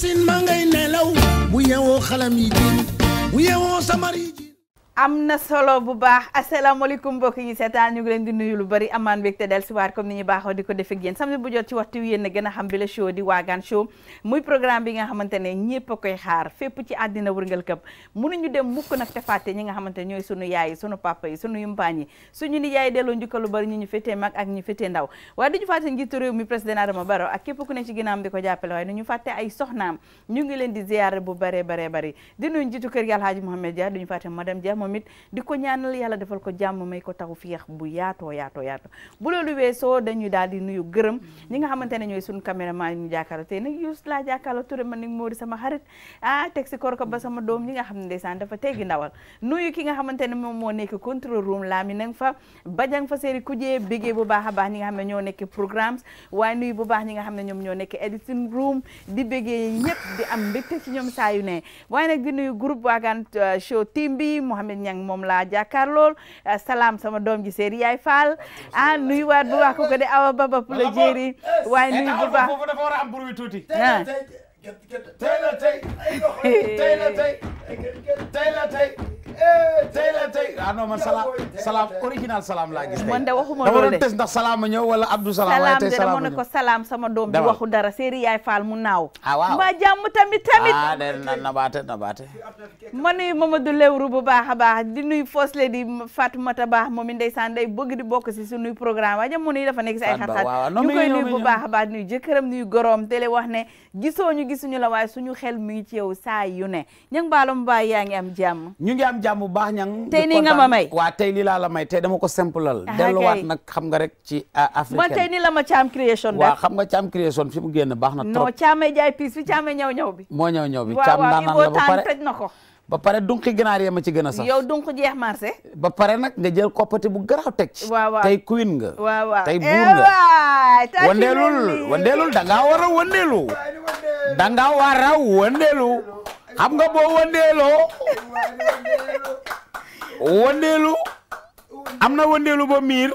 sin ma ngay nelaw bu yewoo xalam yi jiin bu yewoo samar yi jiin am na solo bu baax asalaamaaleykum mbokk yi seetaan ñu ngi leen di nuyu lu bari amaan mbégte del si waat comme ni ñu baaxoo di ko defee ak yéen samedi bu jot ci waxtu wi yéen a gën a xam bi la show di waagaan show muy programme bi nga xamante ne ñëpp a koy xaar fépp ci àddina wërngal këpp mënuñu dem mukk nag te fàtte ñi nga xamante ne ñooy sunu yaay sunu papa yi sunu yumpaañ yi suñu ni yaay delloo njukkal lu bari ñu ñu féetee mag ak ñu féetee ndaw waaye duñu fàtte njiitu réew mi président Adama Barrow ak képp ku ne ci ginnaam di ko jàppale waaye duñu fàtte ay soxnaam ñu ngi leen di ziyaare bu bare bare bari di nuyu njiitu kër gi Alhaaji Mohamed Dia duñu fàtte madame Dia moom it di ko ñaanal yàlla defal ko jàmm may ko taxu fiix bu yaatoo yaatoo yaatoo bu loolu weesoo dañuy daal di nuyu gërëm ñi nga xamante ne ñooy suñu caméraman ñu jàkkaarloo tey nag yus laa jàkkaarloo Touré man ni moo di sama xarit ah teg si koor ba sama doom ñi nga xam ne ndeysaan dafa teggi ndawal nuyu ki nga xamante ne moom moo nekk control room laa mi nang a xam ne ñoo nekk programmes waaye nuyu bu baax ñi nga xam ne ñoom ñoo nekk editing room di bégee ñëpp di am mbégte ci ñoom saa ne waaye nag di nuyu groupe waagaan euh, show Mohamed moom laa jàkkaar lool eh, salaam sama doom ji séeri yaay Fall ah nuyu waat bu baax ko de awa baba pula eh, a am buru wi tuuti ah la tey tey la tey tey Eh, tey la tey ah, salaam salaam salaam laa gis. man de waxuma loolu de dama ndax salaam ma wala Abdou salaam. waaye tey salaam ma ñëw salaam sama doom bi waxu dara Serigne Yaay Fall mu naaw. ah waaw mbaa jàmm tamit tamit. ah nee na nabaate nabaate. ma nuyu Mamadou Lewru bu baax a baax di nuyu Fosle di Fatoumata Baax moom ndeysaan day bëgg di bokk si suñuy programme waaye jamono yi dafa nekk si ay xar-xar ñu koy nuyu bu baax a baax nuyu jëkkëram nuyu goroom télé wax ne gisoo ñu gisuñu la waaye suñu xel mi ngi ci yow saa yu ne ña nga baa yaa ngi am jàmm ñu jàmm baax ñang tey nii nga ma may waa tey lii laa la may tey dama ko simplal ah, delluwaat nag xam nga rek ci ah, la ma caam création def waaw xam nga caam création fi mu génn baax na trop non caamee jaay piis bi caamee ba pare tëj na ko ba pare dunqi ginaar yee ma ci gën a sax yow dunq jeex marché ba pare nag nga jël koppati bu garaaw teg tey queen nga waaw waaw tey buur nga eh, wandeelul wandeelul da ngaa war a wandeelu da ngaa war a wandeelu xam nga boo wëndeeloo wëndeelu am na wëndeelu ba miir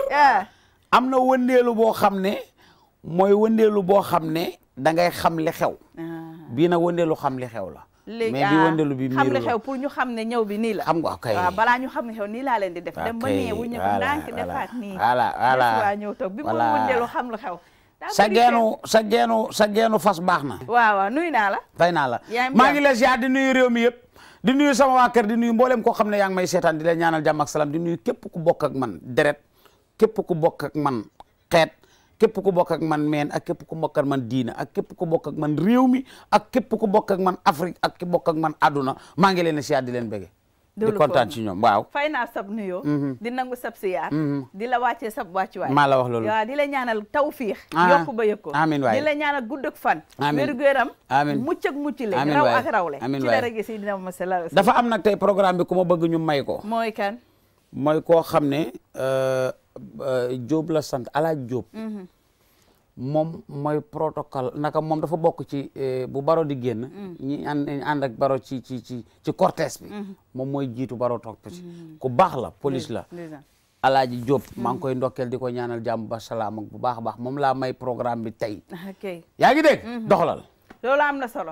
am na wëndeelu boo xam ne mooy wëndeelu boo xam ne dangay xam li xew ah. bii na wëndeelu xam li xew la léegi mais ah, bi wëndeelu xam li xew pour ñu xam ne ñëw bi nii la xam nga kay waaw ñu xam ne xew nii laa leen di def dem ba nee wu ñëw ndànk defaat nii voilà voilà ñëw toog bi mu wëndeelu xam lu xew sa geenu sa geenu sa geenu fas baax na. waaw waaw nuyu naa la. fay naa la maa ngi lay ziar di nuyu réew mi yëpp. di nuyu sama waa kër di nuyu mboolem koo xam ne yaa ngi may seetaan di la ñaanal jàmm ak salaam di nuyu képp ku bokk ak man deret képp ku bokk ak man xeet képp ku bokk ak man meen ak képp ku bokk man diina ak képp ku bokk ak man réew mi ak képp ku bokk ak man Afrique ak ki bokk ak man àdduna maa ngi leen a siyaat di leen bëgge di kontaan ci ñoom waaw fay naa sab nuyoo mhm. di nangu sab siyaar mhm. di la wàccee sab wàccuwaay maa la wax loolu waaw di la ñaanal tawfiix ah, yokk ba yëg ko amiin waay la ñaanal gudd ak fan wér gu yaram amiin mucc ak le raw ak raw le ci la rek si dina ma sala dafa am nag tey programme bi ku ma bëgg ñu may ko mooy kan mooy koo xam ne joob euh, euh, la sant Alaaji Jóob moom mooy protocole naka moom dafa bokk ci eh, bu baro di génn. Mm. ñi ànd ànd ak baro ci ci ci ci cortège bi. Mm-hmm. moom mooy jiitu baro topp ci. Mm-hmm. ku baax la police la. Alaaji Diop mm-hmm. maa ngi koy ndokkeel di ko ñaanal jàmm ba salaam bu baax a baax moom laa may programme bi tey. yaa ngi dégg loolu am na solo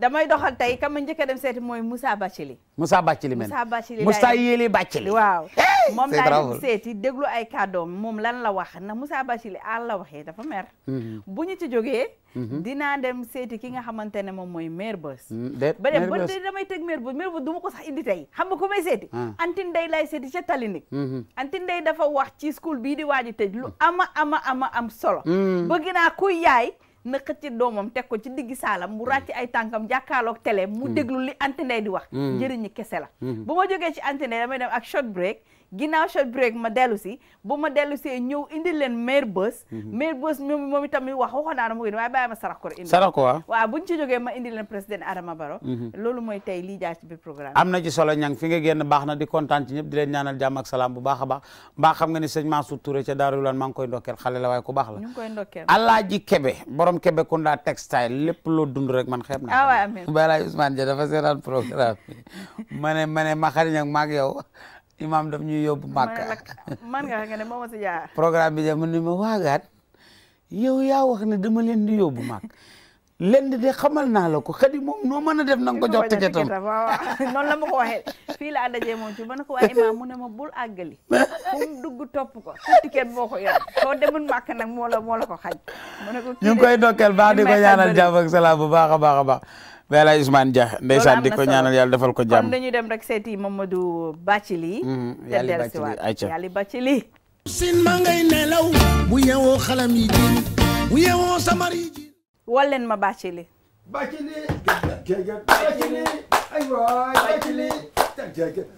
damay doxal tey ka ma njëkk a dem seeti mooy Moussa Bathily. Moussa Bathily men Moussa Bathily Moussa Yéli Bathily waaw moom laa dem seeti déglu ay kàddoom moom lan la wax na Moussa Bathily àll la waxee dafa mer mm-hmm. bu ñu ci jógee mm-hmm. dinaa dem seeti ki nga xamante ne moom mooy maire bës mm, ba dem ba damay teg maire bës maire bës du ma ko sax indi tey xam nga ku may seeti ah. Antin Ndeye laay seeti ca Talinik mm-hmm. Antin Ndeye dafa wax ci school bii di waaj a tëj lu ama ama ama am solo mm. bëgg naa kuy yaay na xëcc doomam teg ko ci diggi saalam mu ci ay tànkam jàkkaarloog télé mu mm. déglu li Anta di wax mm. njëriñu kese la mm. bu ma jógee ci Anta Ndeye damay dem ak short break ginnaaw short break ma dellu si bu ma dellu see ñëw indi leen maire bës mhm. maire bës moom moom itamit wax waxoon naa ne mu ngi waaye bàyyi ma sarax ko indi sarax ko waaw buñ ci jógee ma indi leen Adama Barrow mhm. loolu mooy tey lii jaar programme am na ci solo ñang fi nga génn baax na di kontaan ci ñëpp di leen ñaanal jàmm salaam bu baax a baax mbaa xam nga ni sëñ Mansour Touré ca Daaru koy ndokkeel xale la waaye ku baax la ñu ngi koy ndokkeel Kebe borom Kebe Kunda textile lépp loo dund rek man xeeb naa ah waaw ma ne ma ne ma xariñ ak imaam daf ñuy yóbbu Màkka man nga xam ne moom si jaar programme bi de man ni ma waagaat yow yaa wax ne dama leen di yóbbu Màkk leen de xamal naa la ko xadi moom noo mën a def na nga ko jox tiketam ma ko waxee fii la àndajee moom ci ma ne ko waaye imaam mu ma bul àggali fu mu dugg topp ko su tiket moo ko yor soo demul màkk nag moo la moo la ko xaj mu ne ko ñu ko ñaanal jàmm ak salaam bu baax a Bella Ousmane Dia ndeysaan di ko ñaanal yàlla defal ko jàmm kon dañuy dem rek seeti Mamadou Bathily mhm, yàlla Bathily ayca yàlla Bathily ma ngay yi jiin bu yeewoo samar yi jiin walleen ma Bathily Bathily jagat Bathily ay waay Bathily jagat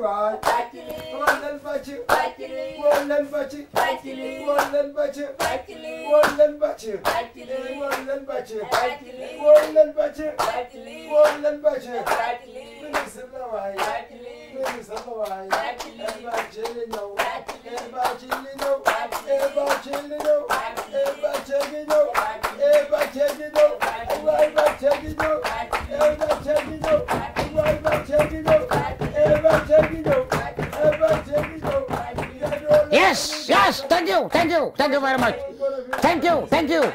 waay woon leen bàcc woon leen bàcc woon leen bàcc woon leen bàcc woon leen bàcc woon leen bàcc woon leen bàcc ministre la waay ministre la waay el bàcc li ñëw el bàcc li ñëw el bàcc li ñëw el bàcc Yes, yes, thank you, thank you, thank you very much. Thank you,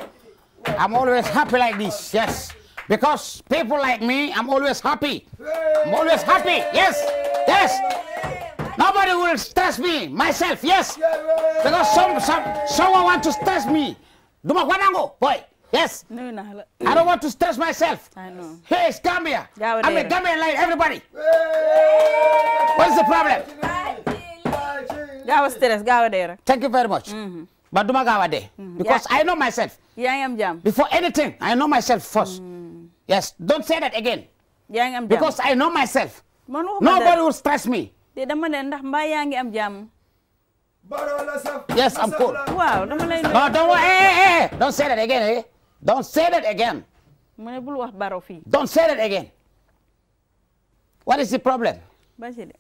I'm always happy like this, yes. Because people like me, I'm always happy. I'm always happy, yes, yes. Nobody will stress me, myself, yes. Because someone wants to stress me. Dumaguanango, boy. Yes. No, no, no. I don't want to stress myself. I know. Hey, it's Gambia. Yeah, I'm a Gambian like everybody. Yeah. What is the problem? Gawa stress, gawa there. Thank you very much. Mm -hmm. But do gawa there. Because yeah. I know myself. Yeah, I am jam. Before anything, I know myself first. Mm. Yes, don't say that again. Yeah, I am jam. Because I know myself. Manu Nobody will stress me. De dama ne ndax mbaa yaa ngi am jàmm. Yes, I'm cool. Wow, dama lay. No, don't, hey, hey, hey. don't say that again, eh? don't say that again. mu ne bul wax baro fii. don't say that again. what is the problem. Bacili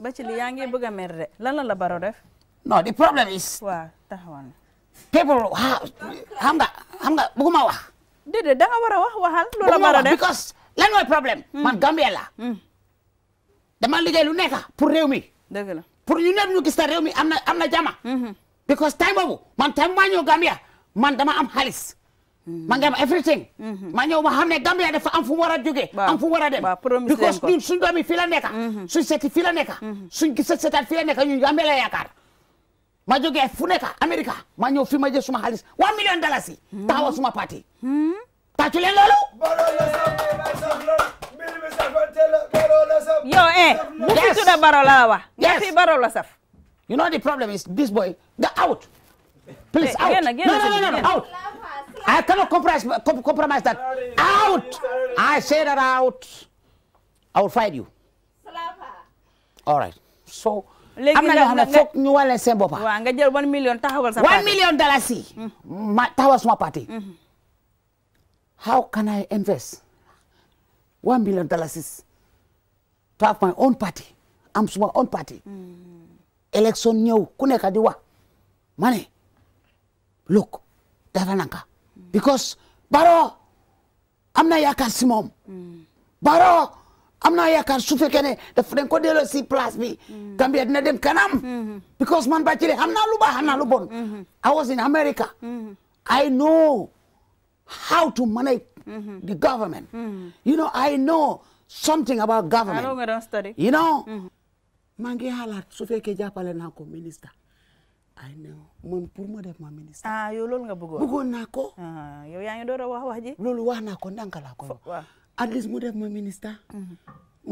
Bacili yaa ngi bëgg a mer de lan la la baro def. no the problem is. waaw taxawoon. people xam nga xam nga bëgguma wax. déedéet da nga war a wax waxal. lu la baro def because lan mooy problème. Hmm. man Gambia la. Hmm. dama liggéey lu nekk pour réew mi. dëgg la pour ñu ñëpp ñu gis réew mi am na am na jàmm. Hmm. because time boobu man time maa ñëw Gambia man dama am xaalis. ma ngi am everything. Mhm. ma ñëw ma xam ne Gambia dafa am fu mu war a jógee. am fu mu war a dem. because ñun suñu doom yi fii la nekka. Mhm. suñu seeti fii la nekka. Mhm. suñu gisee seetaat fii la nekka ñun Gambia la yaakaar. ma jógee fu nekka Amerika ma ñëw fii ma jël suma xaalis one million dollars yi. taxawal suma parti. Hmm? tàccu leen loolu. Yo, eh, yes. to the Barolawa. Yes. yes. Barolasaf. You know the problem is this boy, the out. Please, eh, out. I ah, cannot compromise, compromise that. Out! I say that out. I will fight you. All right. So, léegi am na ñoo xam ne foog ñu wane seen bopp. waaw nga jël one million taxawal sa parti. dollars yi. ma taxawal suma parti. Mm-hmm. how can I invest one million dollars is to have my own party am suma mm-hmm. election ñëw ku nekk di wax ma look dafa nanka because Barrow am naa yaakaar si moom. Barrow am naa yaakaar su fekkee ne daf dañ ko delloo place bi. Gambia dina dem kanam. because man Bacile xam naa lu baax xam naa lu bon. I was in America. I know how to manage. the government. you know something about government. you know. maa ngi xalaat su fekkee jàppale naa ko ministre. I know mu def ma ministre. ah yow loolu nga bëggoon bëggoon naa ko. Ah, yow yaa ngi door a wax wax ji. loolu wax naa ko ndànk laa ko. waaw at least mu def ma ministre. Mhm.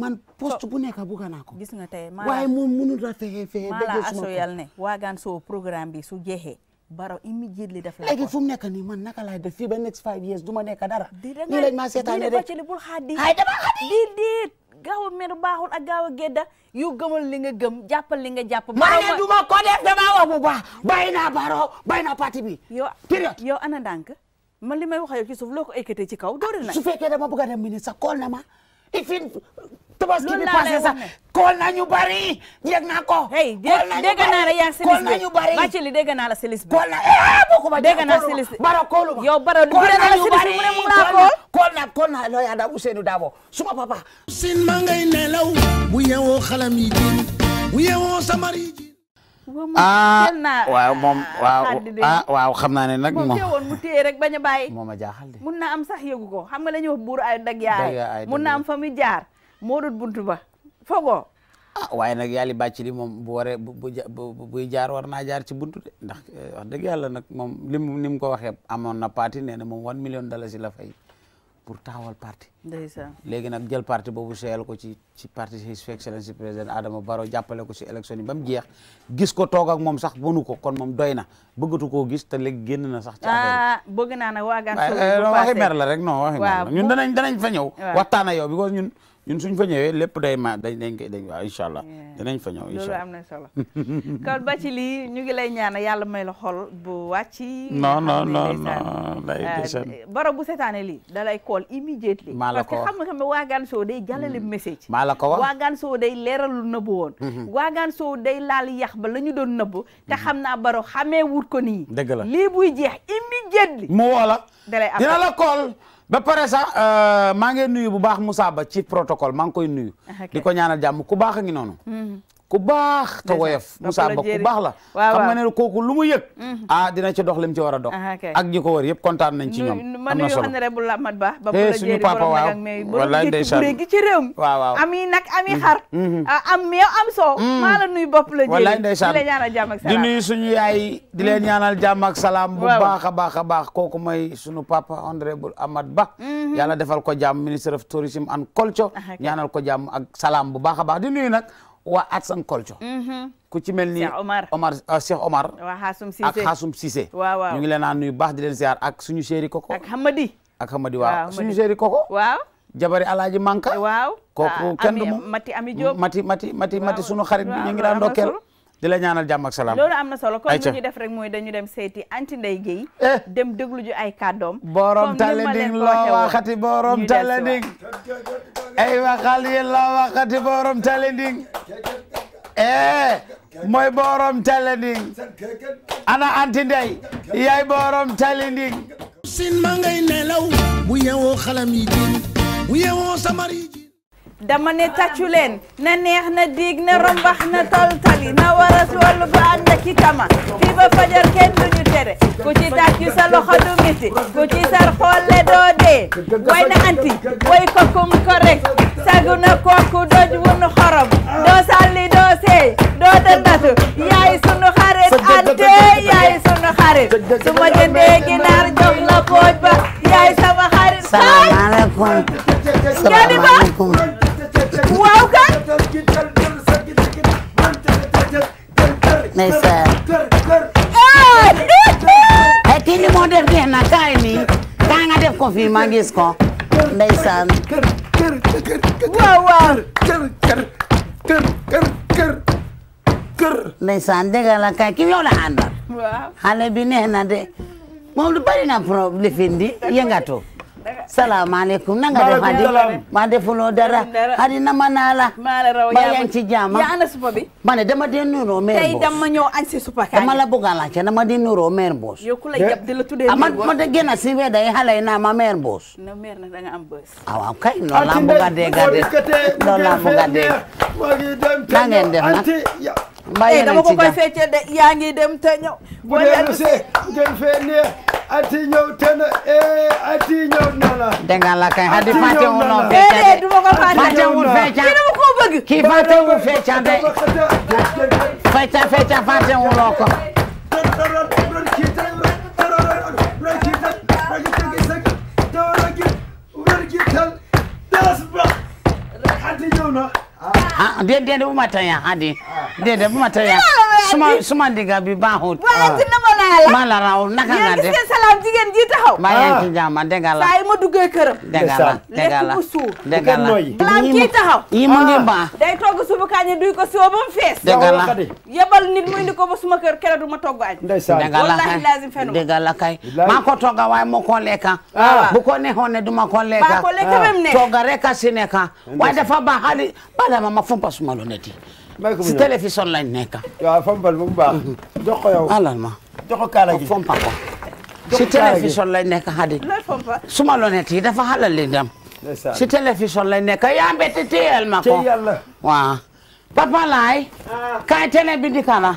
man poste bu nekk bëgg naa ko. gis nga tey waaye moom mënul la fexe fexe. maa la asoyal ne waagaan soo programme bi su jeexee. baro immediately daf la léegi fu man naka laay def fii ba next five years du ma nekk dara. di la ñu lañ ma seetaanee rek di la bàccali bul gaaw a mer baaxul ak gaaw a gedda yu gëmal li nga gëm jàppal li nga jàpp. maa ne du ma ko def damaa wa bu baax bàyyi naa baro bàyyi naa parti bi. yow yow ana ndànk man li may wax yow ci suuf loo ko ekkatee ci kaw. doole na su fekkee dama bëgg a dem ministre kool na ma. tabaski bi passé sax naa dégg naa la yaa kool nañu bari Bathily dégg naa la Cilis bi. kool na eh ah, ba dégg naa bara koolu naa la Cilis mu ne mu naa kool. kool na kool na looy ànd ak Ousseynou Dabo suma papa. sin ma ngay nelaw bu yeewoo xalam yi jiin bu yeewoo samar yi jiin. waaw moom mu téye rek bañ a bàyyi. moom a jaaxal de mun naa am sax yëgu ko xam nga la ñuy wax ay dag yaay mun naa am fa jaar. moo doon buntu ba foogoo. ah waaye nag yàlla bàcc li moom bu waree bu bu buy jaar naa jaar ci buntu ndax eh, wax dëgg nag moom lim ni mu ko waxee amoon na parti nee na moom one million dalasi la fay pour taxawal parti. ndeysaan léegi nag jël parti boobu seeyal ko ci ci parti his excellence président Adama Barrow jàppale ko si élection yi ba mu jeex gis ko toog ak moom sax mënu ko kon moom doy na bëggatu koo gis te léegi génn na sax. ci affaire bi ah, bëgg naa ne waagaan. Eh, waxi mer la rek ñëw. waxtaan ak yow because ñun. ñun suñ fa ñëwee lépp day ma dañ dañ koy dañ waaw incha allah dinañ am na solo kon ba ci lii ñu ngi lay ñaana yàlla may la xol bu wàcc no non no non lay euh, desaan baro bu seetaane li da lay kool immediately maa la ko wax parce que xam nga xam ne soo day jàllale mm. message maa la ko wax waagaan day leeral lu nëbb woon mm-hmm. waagaan soo day laal yax ba la ñu doon nëbb te mm-hmm. xam naa baro xamee wut ko nii dëgg la lii buy jeex immediately mu woo la dina la ba pare sax euh, maa ngee nuyu bu baax Moussa Ba ci protocole maa ngi koy nuyu. di ko ñaan a jàmm ku baax a ngi noonu. Mm-hmm. ku baax te woyof Moussa Ba ku baax la xam nga ne kooku lu mu yëg mhm. a ah, dina ci dox lim ci war a dox ah, ak ñi ko wër yëpp kontaan nañ ci ñoom am na solo honorable Lamad Ba ba mu eh, la suñu papa waaw wallaay ndeysaan bu gi ci nag am yi mhm. xar mhm. Ah, am meew am soow maa la nuyu bopp la wallaay ndeysaan di leen suñu yaay di leen ñaanal jàmm ak salaam baax a baax a baax sunu mooy suñu papa honorable Amad Ba yàlla defal ko jàmm ministre of tourism and culture ñaanal ko jàmm ak salaam bu baax a baax di nuyu nag waa arts and culture. Mm-hmm. ku ci mel ni Omar Omar ah, Omar. waa Xaasum Cissé ak Xaasum Cissé. waaw waaw ñu ngi leen naan nuyu baax di leen ziar ak suñu chéri koko. ak Hamadi. ak Hamadi waaw suñu chéri koko. waaw. Jabari Alaaji Manka. waaw kooku ah, kenn mati ami Diop mati mati mati mati sunu xarit bi ñu ngi daan ndokkeel. di la ñaanal jàmm ak salaam. loolu am na solo kon lu ñu def rek mooy dañu dem seeti anti Ndeye Guèye. Eh. dem déglu ju ay kàddoom. borom talenting loo waxati borom talenting. ay waxal loo waxati borom talenting. eh mooy borom talenting. ana anti Ndeye borom talenting. sin ma ngay dama ne tàccu na neex na diig na rombax na toltali na waras wallu ba ànd ak i kama fajar kenn duñu tere ku ci tàccu sa loxo du miti ku ci sar xolle doo dee way na anti way ko kum sagu na kooku doj wunu xorom doo salli doo seey doo dëndatu yaay sunu xarit ante yaay sunu xarit su ma jëndee ginaar jox la pooj ba yaay sama xarit salaamaaleykum fii maa gis ko ndeysaan kër kër kër kër kër kër kër kër kër ndeysaan ki yow la àndal bi neex de moom lu bari lifin di yëngatu salaamaaleykum na nga def Hadi ma defuloo dara Hadi ma naa la. maa yaa ci jàmm yaa ana supa bi. ma ne dama dee nuuroo mère boos dama ñëw añ si supa kaay dama la bëgg a laajte dama di nuuroo mère boos. yow la tuddee ma de génn si wéda yi xale ma mère boos. non da nga am bës. ah waaw kay noonu laa bëgg a dégg loolu laa bëgg a dégg. na mbaa eh, dama ko koy feccee de yaa ngi dem te ñëw. bu dee see ngeen fee te na eh ati eh, de kii dama ko bëgg. kii fàtte wu fecca de fecca fecca fàtte wu noo ko. hadi ñëw deɛ deɛ de boma tan ya ha de de boma tan ya suma suma diga bi ban ho. wala ti nama na yala. ma lara na de. yɛn salam jigéen ji taxaw. ma yɛn ki jama dega la. yi ma duggee yi mu ngi ba. day ko si o kër du ma togg añ. dega ko togga waaye moo ko lekka. bu ko neexoon ne du ma ko lekka. Ah. togga rek si ne kan. dafa ba hali ba dama fompa suma lunette yi. si télévision lañ nekk. waaw fompal bu baax. jox ko yow alal ma. si télévision lañ nekk xadi. suma lunette yi dafa xalal li dem. si télévision lañ nekk yaa mbete téyel ma ko. waaw. papa laay. Ah. kaay télé bi dikka la.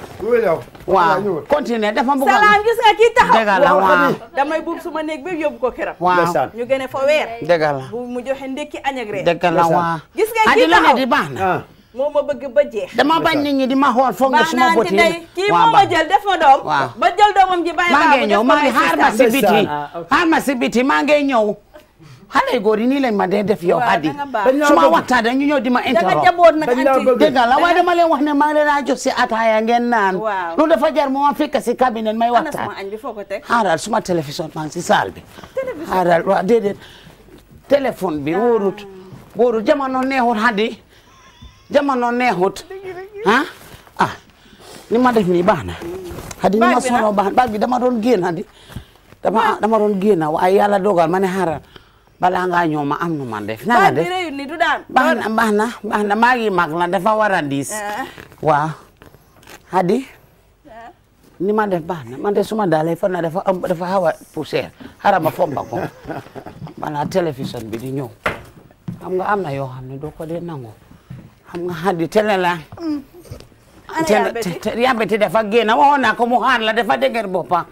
waaw continuer dafa bëgg salaam gis nga kii taxaw. dëgg la damay buub suma néeg ba yóbbu ko këram. waaw ñu gën a fa weer. dëgg la mu joxe ndekki añ ak la waaw di baax na. Ah. moo ma bëgg ba jeex. dama bañ nit ñi di ma xool foog nga suma boti yi. kii moo a jël def ma doom. ba jël doomam ji bàyyi ma xaar ma si biti xaar ma si maa ngi ñëw. xale yu yi nii lañ ma dee def yow Hadi su ma waxtaanee ñu ñëw di ma interrompre dégg nga la waaye dama leen wax ne maa ngi a jox si ataaya ngeen naan lu dafa jar moo ma fekk si cabinet may waxtaan xaaral suma télévision maa ngi si saal bi xaaral waaw déedéet téléphone bi ah. wóorut wóorut neexut Hadi jamono neexut ah ah ni ma def nii baax na Hadi ni ma sonoo baax baag bi dama doon génn Hadi dama dama doon génn waaye yàlla dogal ma ne xaaral balaa ngaa ñëw ma am nu man def. na nga def ni du daan. maa ngi mag na dafa war a diis. Eh. waaw. Hadi. Eh. ni ma def baax na man de suma daal fa na dafa am a poussière xaaral ma fomba ko balaa télévision bi di ñëw xam nga am na yoo xam ne dooko ko dee nangu xam nga Hadi télé la. Mm. ana yàmbeti dafa génn waxoon naa ko mu xaan la dafa dëgër boppam.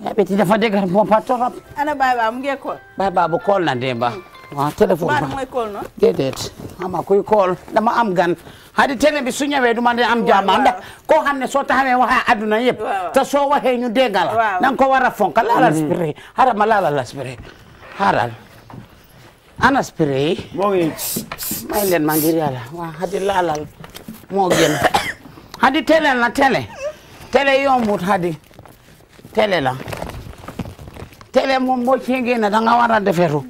ɓeti eh, dafa degar pompa torop ana bayba mu ngi kool bayba bu kool na demba ah. waaw ba mooy kool no déedéet ah, kuy kool dama am gan hadi télé bi su ñëwee du ma am jaama ah. ndax koo xam ne soo taxawee waxee adduna yëpp te soo waxee ñu dégg la nan ko war a fonka mm-hmm. laala aspiré xaaral ana aspiré may leen ma ngir yàlla waaw hadi laalal moo gën hadi télé na télé télé yombut hadi télé la télé moom boo cee na danga nga war a deferu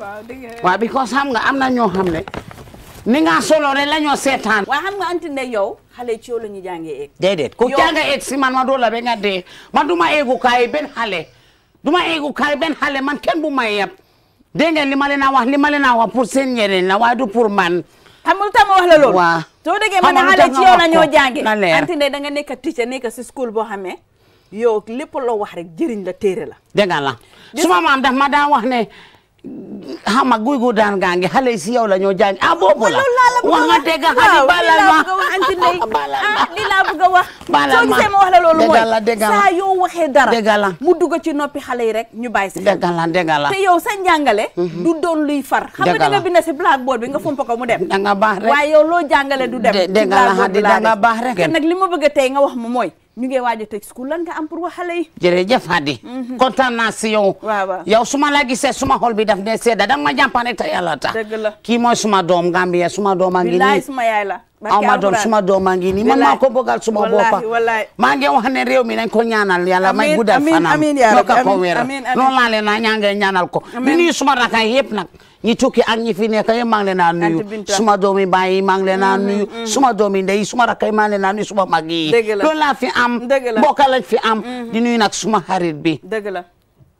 waaw because xam nga am na ñoo xam ne ni nga solo rek la ñoo seetaan waaw xam nga anti yow xale ci la ñu jàngee eeg déedéet ku jàng eeg si man ma doo la ba nga dee man du ma eegu kaay benn xale du ma eegu kaay benn xale man kenn bu may yab dégg ngeen li ma leen a wax li ma leen a wax pour seen njëriñ la waaye du pour man xam nga lu tax ma wax la loolu too soo déggee man xale ci yow la ñoo jàngee ne da nga nekk teacher nekk si school boo xamee yow lépp loo wax rek jëriñ la téere la. dégg nga la suma maam daf ma daan wax ne. xam nga guy gu daan gaa ngi xale si yow la ñoo jàng ah boobu la wax nga a wax ah, soo gisee ma wax la loolu mooy saa yoo waxee dara dégg mu dugg ci noppi xale yi rek ñu bàyyi si dégg la dégg yow sa njàngale mhm. du doon luy far xam nga da nga bind si blackboard bi nga fomp ko mu dem da nga baax rek waaye yow loo jàngale du dem dégg la baax rek nag li ma bëgg a tey nga wax ma mooy ñu ngi waaj a tëj school lan nga am pour wax xale yi. jërëjëf Hadi. Mhm. kontaan naa si yow. waaw yow su ma la gisee suma xol bi daf ne sedda danga ma jàppane te yàlla tax. dëgg la kii mooy suma doom Gambia suma doom a ngi nii. bilaay suma yaay la. aw ma doon suma doom a ngi nii man maa ko bëggal suma boppa. maa ngi wax ne réew mi nañ ko ñaanal yàlla may guddal fanam. amiin amiin yaa rabbi amiin amiin amiin amiin amiin amiin amiin amiin amiin amiin amiin ñi tukki ak ñi fi nekk yëpp maa ngi na a nuyu suma doomi yi maa ngi leen a mm-hmm, nuyu mm-hmm. suma doomi ndey suma rakk yi maa ngi leen a nuyu suma mag yi loolu laa fi am bokka lañ fi am mm-hmm. di nuyu nag suma xarit bi dëgg la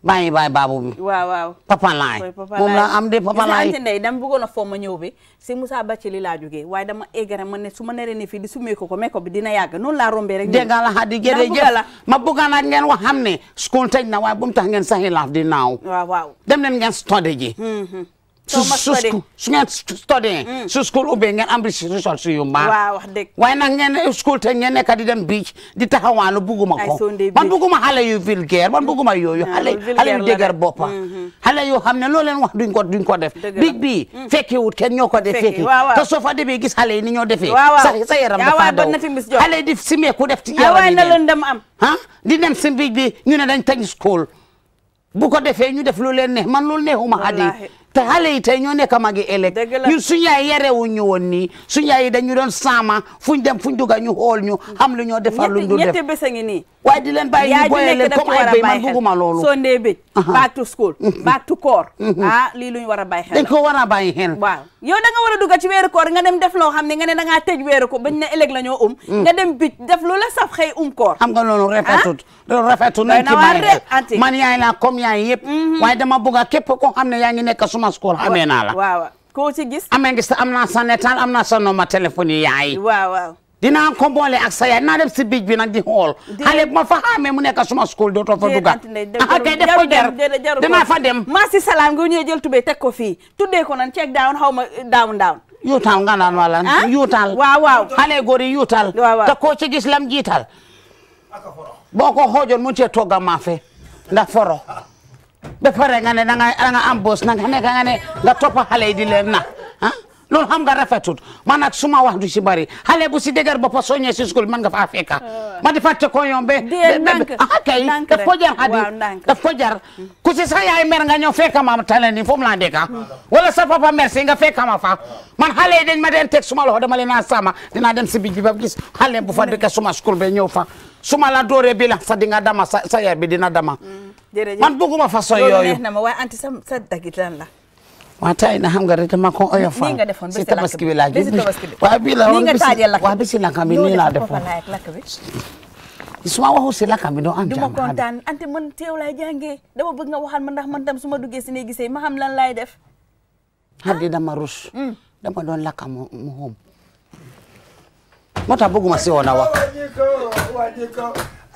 bàyyi bàyyi baabu bi waaw waaw papa laay moom la am de papa laay ante ndey dama bëggoon foo ma ñëw bi si Moussa Bathily laa jógee waaye dama eggare ma ne su ma ne fii di sumee ko ko ko bi dina yàgg noonu laa rombee rek dégg la xadi jërëjëf ma bëggoon nag ngeen wax xam ne school tëj na waaye bu ta tax ngeen saxi laaf di naaw waaw waaw dem leen ngeen study ji su much studying su ngeen studying. Mm. su school ubbee ngeen am results yu ma. waaw wax dëgg waaye nag ngeen school te ngeen nekk di dem beach di taxawaanu bugguma ko. man bugguma xale yu vulgaire man bugguma yooyu. Ah, xale xale yu dëgër boppa mm-hmm. xale yoo xam ne loo leen wax duñ ko duñ ko def. big bi mm. fekke wut kenn ñoo ko def. fekke waaw te soo fa gis xale yi ni ñoo defee. waaw sa yaram dafa daw xale yi di def ci yaram yi dem am. ah di dem si big bi ñu ne dañ tañ school bu ko defee ñu def lu leen ne man loolu neexuma xadi te xale yi tey ñoo nekk magi ëllëg ñun suñu yaay yarewuñ ñu woon nii suñu yaay yi dañu doon saama fuñ dem fuñ dugga ñu xool ñu xam lu ñoo defar lu ñu def ñetti bés a ngi nii waaye di leen bàyyi ñu booyee leen comme ay béy man bëgguma loolu Sunday bi back to school uhuh. back to koor uhuh. a ah, a bàyyi xel da nga war a dugga dem def loo xam ne nga ne da ngaa tëj weeru ko bañ ne ëllëg la ñoo um mm. nga dem bic def lu la saf xëy um koor xam nga loolu ah? rafetut rafetut nañ ci bàyyi xel man yaay laa comme yaay yëpp mm-hmm. waaye dama bëgga képp koo xam ne commence ko amee naa la waaw koo ci am naa sa am naa sa noma téléphone yi yaay waaw waaw dinaa ko boole ak sa yaay naa def si biij bi nag di xool xale ma fa mu nekk suma school dootoo fa dugga ah kay def ko jar dinaa fa dem maa si salaam nga ñëw jël tubee teg ko fii tuddee ko nan check down xaw ma uh, down down yuutal nga naan wala ah? yuutal waaw waaw xale góor yi yuutal te koo ci gis lam jiital boo ko xoojoon mu cee togga maafe ndax foro ba pare nga ne da nga am boos nag nga ne nga ne nga topp xale yi di leen na ah loolu xam nga rafetut man nag suma wax du si bari xale bu si dëgër bopp soo ñëwee si school mën nga faa fekka euh. ma di fàtte ko yombe ah kay daf ko jar xadi sa yaay mer nga ñëw fekka ma tane ni foofu laa dëkka wala sa papa merci nga fekka ma fa man xale yi dañ ma den teg suma loxo dama leen naa sama dinaa dem si bi ba gis xale bu fa dëkka suma school be ñëw fa suma la dooree bi sa dinga jërëjëf man bëgguma façon yooyu loolu neex ma waaye anti sa sa dagit la. waa tay na xam nga rek dama ko oyofal. nii nga defoon bési lakk bi bési tabaski bi waaye bii la woon bési lakk bi nii laa defoon. suma waxu si lakk bi doo am. jaamu du ma kontaan man teew laay jàngee dama bëgg nga waxal ma ndax man tam su ma duggee si ne gisee ma xam laay def. xaddi ah. dama rus. Mm. dama doon lakk mu mu xóom. moo tax bëgguma si woon a wax.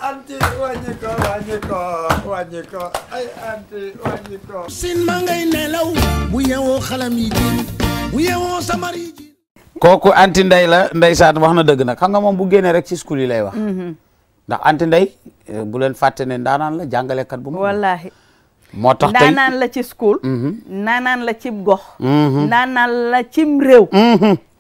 ay anti wàññi ko sin ma nelaw bu yewoo xalam yi bu yewoo samar yi jiin kooku anti nday la ndeysaan wax na dëgg nag xam nga moom bu génnee rek ci yi lay wax mhm. ndax anti nday eh, bu leen fàtte ne la jàngalekat bu mu wallaahi moo tax tey ndaanaan la ci school mhm. ndaanaan la mhm. la cim réew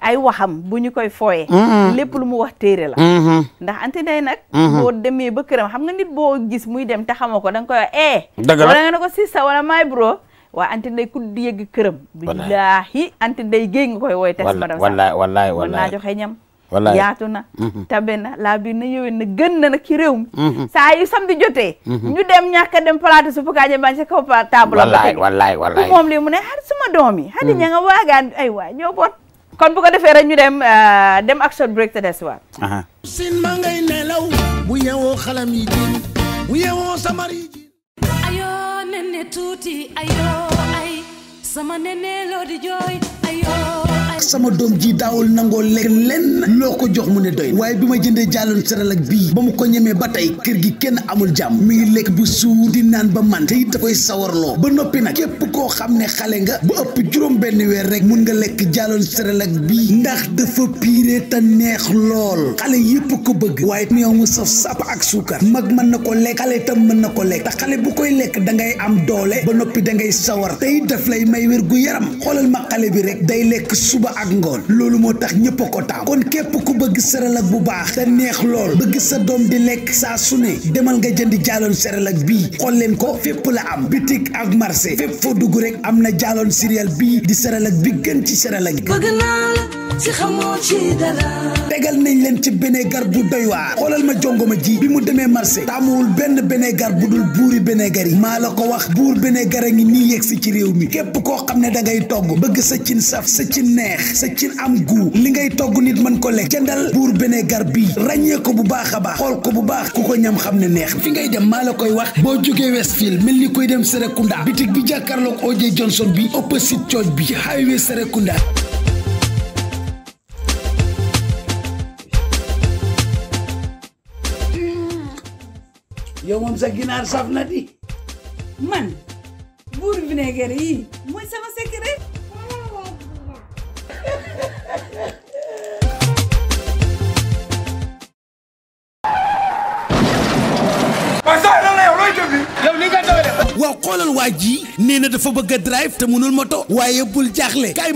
ay waxam bu ñu koy fooyee. Mm-hmm. lépp lu mu wax téere la. Mm-hmm. ndax anti day nag. Mm-hmm. boo demee ba këram xam nga nit boo gis muy dem te xamoo ko da nga koy wax eh. dëgg la wala nga ne ko sista wala may bro. waa anti day ku yëgg këram. billaahi anti day géey nga koy wooy. test madam wallaay wallaay wallaay naa joxe ñam. wallaay yaatu na. tabe na laa biir na yowee na gën na nag ci réew mi. saa yu samedi jotee. ñu dem ñàkk a dem palaatu suppu kaañe baa ci kaw table. wallaay wallaay wallaay ku moom lii mu ne xar suma doom yi. xadi ña nga waagaan ay waay ñoo bot. kon bu ko defee rek ñu dem euh, dem ak short break te desiwaat. sin ma ngay nelaw bu yeewoo xalam bu yeewoo samar ayoo nene tuuti ayoo ay sama nene loo di jooy ayoo. sama doom ji daawul nangoo lekk lenn loo ko jox mu ne doy waaye bi ma jëndee jàlloon seral ak bii ba mu ko ñemee ba tey kër gi kenn amul jàmm mi ngi lekk bu suur di naan ba man te it da koy sawarloo ba noppi nag képp koo xam ne xale nga bu ëpp juróom benn weer rek mun nga lekk jàlloon seral ak bii ndax dafa piiree te neex lool xale yépp ko bëgg waaye meew mu saf sàpp ak suukar mag mën na ko lekk xale itam mën na ko lekk te xale bu koy lekk da ngay am doole ba noppi da ngay sawar te it daf lay may wér gu yaram xoolal ma xale bi rek day lekk suba ak ngoon loolu moo tax ñëpp a ko kon képp ku bëgg cérélac bu baax te neex lool bëgg sa doom di lekk saa su ne demal nga jënd jaaloon cérélac bii xool leen ko fépp la am bitik ak marché fépp foo dugg rek am na jaaloon céréal bii di cérélac bi gën ci cérélac yi bëgg tegal nañ leen ci bénégar bu doy waar xoolal ma jongoma ji bi mu demee marché taamuwul benn bénégar bu dul buuri bénégar yi maa la ko wax buur bénégar a ngi nii yegg si ci réew mi képp koo xam ne da ngay togg bëgg sa cin saf sa cin neex sa cin am gu li ngay togg nit man ko lekk jëndal buur Bénégar bi ràññee ko bu baax a baax xool ko bu baax ku ko ñam xam ne neex fi ngay dem maa la koy wax boo jógee Westfield mel ni koy dem Serekunda bitig bi jàkkaarloog OJ Johnson bi opposite church bi ci highway Serekunda yow moom sa ginaar saf na xoolal waa ji nee na dafa bëgg a drive te mënul moto waaye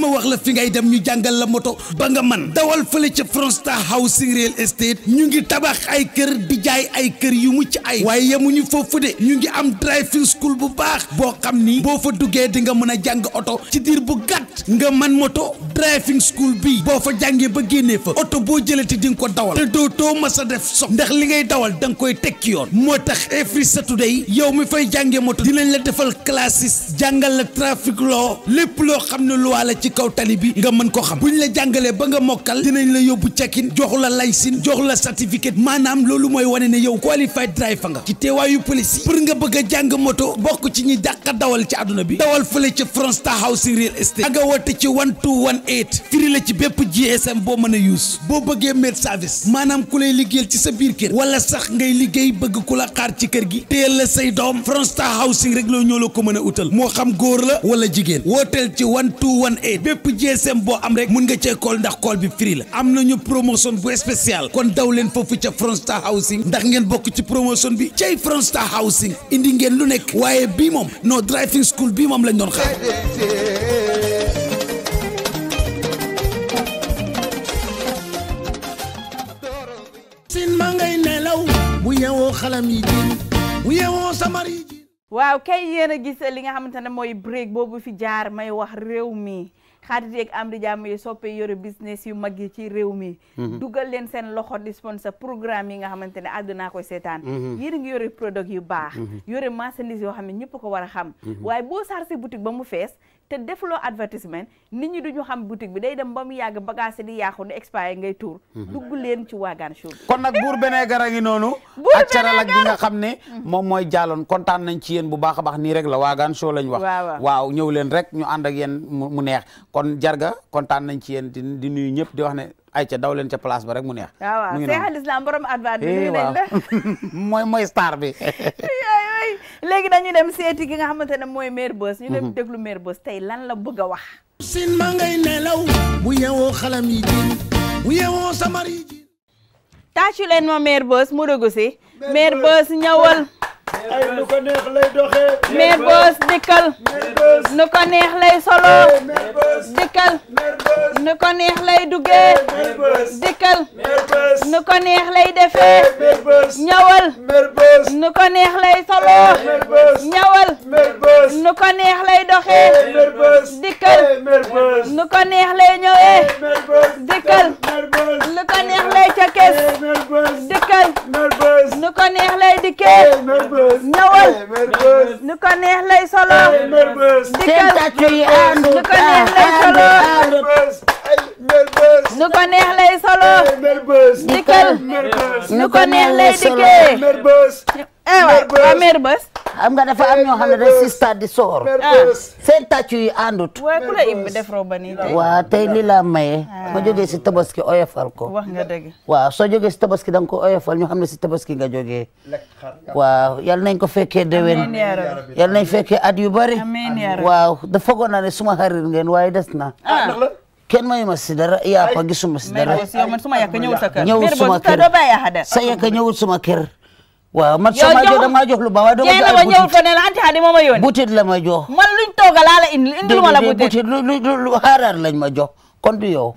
ma wax la fi ngay dem ñu jàngal la moto ba nga man dawal fële ca Frontstar Housing Real Estate ñu ngi tabax ay kër di jaay ay kër yu mucc ay waaye yemuñu foofu de ñu ngi am driving school bu baax boo xam ni boo fa duggee di nga mën a jàng oto ci diir bu gàtt nga man moto driving school bi boo fa jàngee ba génnee fa oto boo jëlati di nga ko dawal te doo ma sa def sox ndax li ngay dawal da nga koy tekki yoon moo tax every Saturday yow mi fay jàngee moto dinañ la def defal classes jàngal la trafic loo lépp loo xam ne loi la ci kaw tali bi nga mën ko xam bu ñu la jàngalee ba nga mokkal dinañ la yóbbu cekin jox la laysin jox la certificat maanaam loolu mooy wane ne yow qualified driver nga ci teewaayu police pour nga bëgg a jàng moto bokk ci ñi dàq dawal ci àdduna bi dawal fële ci France taxaw si real estate nga woote ci 1218 firi la ci bépp GSM boo mën a use boo bëggee maid service maanaam ku lay liggéeyal ci sa biir kër wala sax ngay liggéey bëgg ku la xaar ci kër gi téyel la say doom France taxaw si rek ñoo la ko mën a utal moo xam góor la wala jigéen wooteel ci 1218 bépp GSM boo am rek mun nga cee kool ndax kool bi free la am nañu promotion bu spécial kon daw leen foofu ca France Star Housing ndax ngeen bokk ci promotion bi cay France Star Housing indi ngeen lu nekk waaye bii moom noo driving school bii moom lañ doon xaar. sin ma ngay waaw kay yéen a gis li nga xamante ne mooy break boobu fi jaar may wax réew mi xarit yeeg am di jàmm yi soppe yore business yu mag yi ci réew mi mhm. dugal leen seen loxo di sponsor programme yi nga xamante ne àdduna koy seetaan mhm. yéen a ngi yore produit yu baax mhm. yore marchandise yoo xam ne ñëpp ko war a xam waaye boo sar si boutique ba mu fees te defuloo advertisement nit ñi duñu xam boutique bi day dem ba mu yàgg bagage di yàqu ne expiré ngay tuur mhm. dugg leen ci waagaan show kon nag buur beneegar a ngi noonu a caral ak bi nga xam ne moom mooy jaaloon kontaan nañ ci yéen bu baax a baax nii rek la waagaan show lañ wax waaw ñëw leen rek ñu ànd ak yéen mu neex kon jarga kontaan nañ ci yéen di nuyu ñëpp di wax ne ay ca daw ca place ba rek mu neex. mu ngi noonu waaw Cheikh Al Islam borom advance bi eh, nuyu nañ la mooy dem seeti ki nga xamante ne mooy maire Bos. ñu dem mhm. déglu maire tey lan la bëgg a wax. sin ma ngay nelaw. bu yeewoo xalam yi jiin bu yeewoo samar yi jiin. taacu leen ma maire Bos mu dugg si. maire Bos ay nu ko neex lay doxee. mère Boss dikkal. nu ko lay solo. dikkal. nu ko neex lay duggee. dikkal. nu ko lay defee. ñawal. nu ko lay solo. ñawal. nu ko lay doxee. dikkal. nu ko lay ñëwee. dikkal. nu ko lay ca dikkal. nu ko lay dikkee. ñëwal nu eh, ko neex lay solo eh, seen tàccu yi àndu nu ah, ko neex lay solo nu eh, ko neex lay solo dikkal nu ko neex lay dikkee waa mère bés xam nga dafa am ñoo xam ne rek sista di soor ah. seen tàccu yi àndut waaye ku nii laa maye ma ah. jógee si tabaski oyofal ko wax nga dëgg waaw soo jógee si tabaski da nga ko oyofal ñu xam ne si tabaski nga jógee waa yal nañ ko fekkee déwén yal nañ fekkee at yu bari waaw da fogoon naa ne suma xarit ngeen waaye des na ah. kenn mayu ma si dara yaa fa gisuma si dara ñëwul suma kër sa yàq ñëwul suma kër waaw man sama jox lu ba waaye doo ma jox ay butit ko ne la anti hadi mooma yónni butit la ma jox man luñ tooga laa la indi lu ma la butit lu xaarar lañ ma jox kon du yow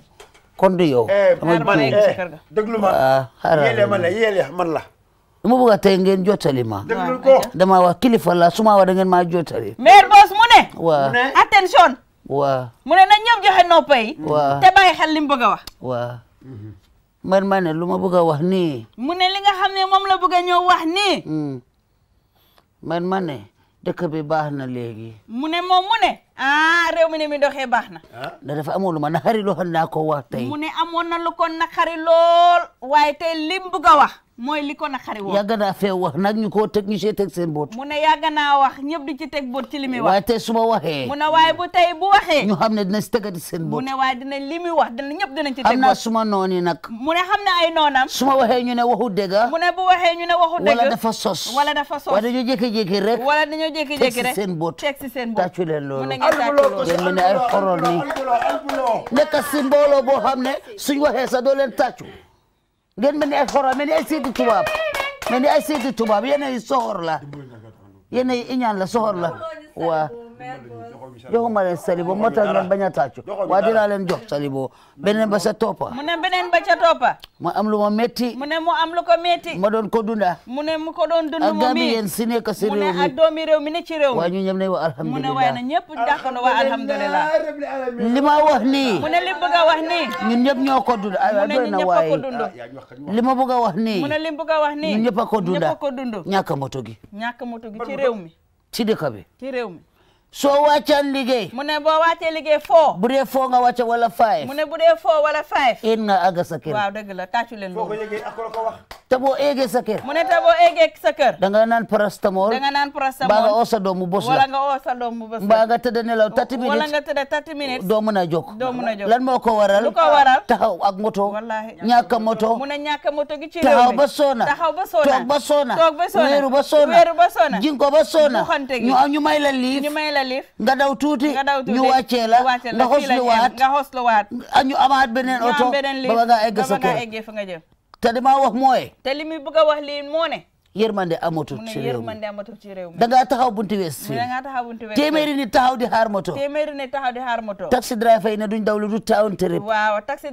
kon du yow eh, eh, déglu ma ah, yéele man la yéele man la dama bëgg a tey ngeen jottali ma déglu ko dama wax kilifa la suma wa da ngeen ma jottali maire boss mu ne waaw attention waaw mu ne na ñëpp joxe noppay te bàyyi xel li mu bëgg a wax man ma ne lu ma bëgg a wax nii. mu ne li nga xam ne moom la bëgg a ñëw wax nii. Hmm. man ma ne dëkk bi baax na léegi. mu ne moom mu ne. ah réew mi ne mi doxee baax na. Ah. da dafa amoon lu ma naxari loo xam naa ko wax tey. mu ne amoon na lu ko naxari lool waaye tey lim bëgg a wax. mooy li ko naqari woon yàgg naa fee wax nag ñu ko teg ñu see teg seen boot mu ne yàgg naa wax ñëpp di ci teg boot ci li muy wax waaye tey su ma waxee mu ne waaye bu tey bu waxee ñu xam ne dinañ si tegati seen boot mu ne waaye dinañ li muy wax dinañ ñëpp dinañ ci teg boot xam naa suma nooni nag mu ne xam ay noonam su ma waxee ñu ne waxu dëgg mu ne bu waxee ñu ne waxu dëgg wala dafa sos wala dafa sos wala dañoo jékki-jékki rek wala dañoo jékki-jékki rek seen boot teg si seen boot tàccu leen loolu mu ne ngeen tàccu loolu ngeen mu ne ay xorol ni nekk si boo xam ne suñ waxee sa doo leen tàccu ngeen mel ni e ay xoro mel ni e ay seeti tubaab mel ni e ay seeti tubaab yen ay soxor la yéen ay iñaan la soxor la waa joxuma leen salibo moo tax ngeen bañ a tàccu waa dinaa leen jox salibo beneen ba sa toppa mu ne beneen ba ca toppa ma am lu ma metti mu ne mu am lu ko metti ma doon ko dunda mu ne mu ko doon dund moom mi yéen si nekk si réew mi mu ne ak doomi réew mi ne ci réew mi waa ñu ñëpp ne wa alhamdulilah mu ne waaye na ñëpp dàqano wa alhamdulilah li ma wax nii mu ne li bëgg a wax nii ñun ñëpp ñoo ko dund ay doy na waaye li ma bëgg a wax nii mu ne li bëgg a wax nii ñun ñëpp a ko dunda ñàkk moto gi ñàkk moto gi ci réew mi ci dëkk bi ci réew mi soo wàccaan liggéey. mu ne boo wàccee liggéey foo. bu dee foo nga wàcce wala five. mu ne bu dee foo wala five. in nga àgg sa dëgg la tàccu leen loolu. foo ko yëgee ko wax. te boo eegee sa kër. ne te boo eegee sa kër. da nga naan paracetamol. da nga naan paracetamol mbaa sa doomu bës la. sa doomu bës la. mbaa nga tëdd nelaw thirty minutes. wala nga tëdd doo mun a jóg. doo mun a jóg lan moo ko waral. lu ko waral taxaw ak moto. wallaahi ñàkk a moto. mu ne ñàkk moto gi ci réew mi taxaw ba soona. taxaw ba soona toog ba soona. ba soona wéeru ba ba soona jinko ba soona. ñu may la liif. ñu may la nga daw tuuti. nga daw tuuti ñu wàccee la. nga xosluwaat nga xosluwaat. ñu amaat beneen oto. ba nga egg sa kër te li ma wax mooy. te li muy bëgg a wax lii moo ne. yërmande amatul ci réew mi yërmande amatul ci réew mi. taxaw bunti wees fii da ngaa taxaw bunti taxaw di xaar moto. moto. taxi driver yi ne duñ daw lu du town trip. waaw taxi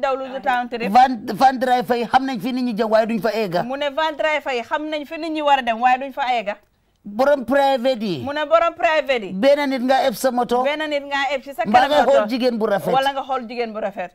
daw lu du town trip. van van driver yi xam nañ fi nit ñi jëm waaye duñ fa eega. mu van driver yi xam nañ fi nit ñi war a dem waaye duñ fa eega. borom private yi. mu ne borom private yi. benn nit nga eb sa moto. benn nit nga eb ci sa kër moto jigéen bu rafet. wala nga xool jigéen bu rafet.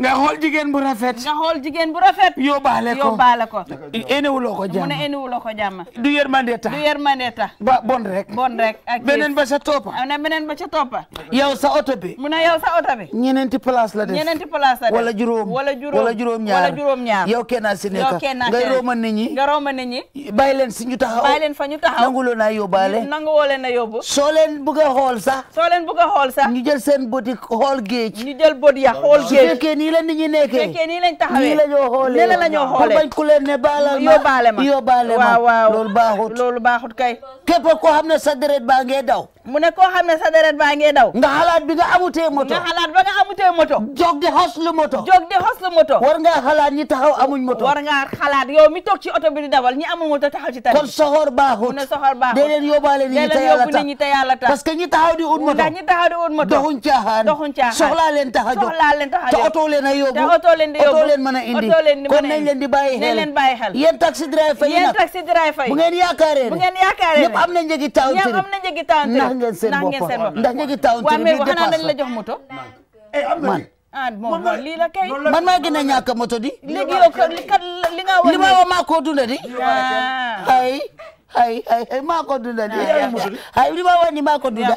nga xool jigéen bu rafet. nga xool jigéen bu rafet. yóbbaale ko yóbbaale ko. enewuloo ko jàmm mu ne enewuloo ko jàmm. du yërmande ta. du yërmande ta. ba bon rek. bon rek ak beneen ba ca toppa. am na beneen ba ca toppa. yow sa oto bi. mu ne yow sa oto bi. ñeneenti place la def. ñeneenti place la def wala juróom. wala juróom wala juróom ñaar wala juróom ñaar. yow kenn a si nekk. yow kenn a si nekk nga rooma nit ñi. nga rooma nit ñi. bàyyi leen si ñu taxaw. bàyyi leen fa ñu taxaw nanguloo naa yóbbaale. nanguwoo leen na yóbbu. soo leen bëgg a xool sax. soo leen bëgg a xool sax. ñu jël seen bët yi xool géej. ñu jël bët ya xool géej nii la nit ñi nekkee fekkee nii lañ taxawee nii la ñoo xoolee mu ne koo xam ne sa deret nga xalaat bi nga amutee moto nga xalaat ba nga amutee moto jóg di xoslu moto jóg di xoslu moto war ngaa xalaat ñi taxaw amuñ moto war ngaa xalaat yow mi toog ci oto bi di dawal ñi tax parce que ñi taxaw di ut a leen a yóbbu te oto leen di yóbbu oto leen mën a indi kon nañ leen di bàyyi xel nañ leen bàyyi xel yéen taxi driver yi nag bu ngeen yaakaaree bu ngeen yaakaaree ñëpp am na njëgi taw ñëpp am na njëgi taw ndax ngeen seen bopp ndax njëgi taw waaw mais xanaa dañ la jox moto eh, man ah moom lii la kay man maa gën a ñàkk moto di léegi yow kat li nga war li ma wax maa ko dunda di ah. ay hay hay hay maa dunda de hay li ma wax ni maa ko dunda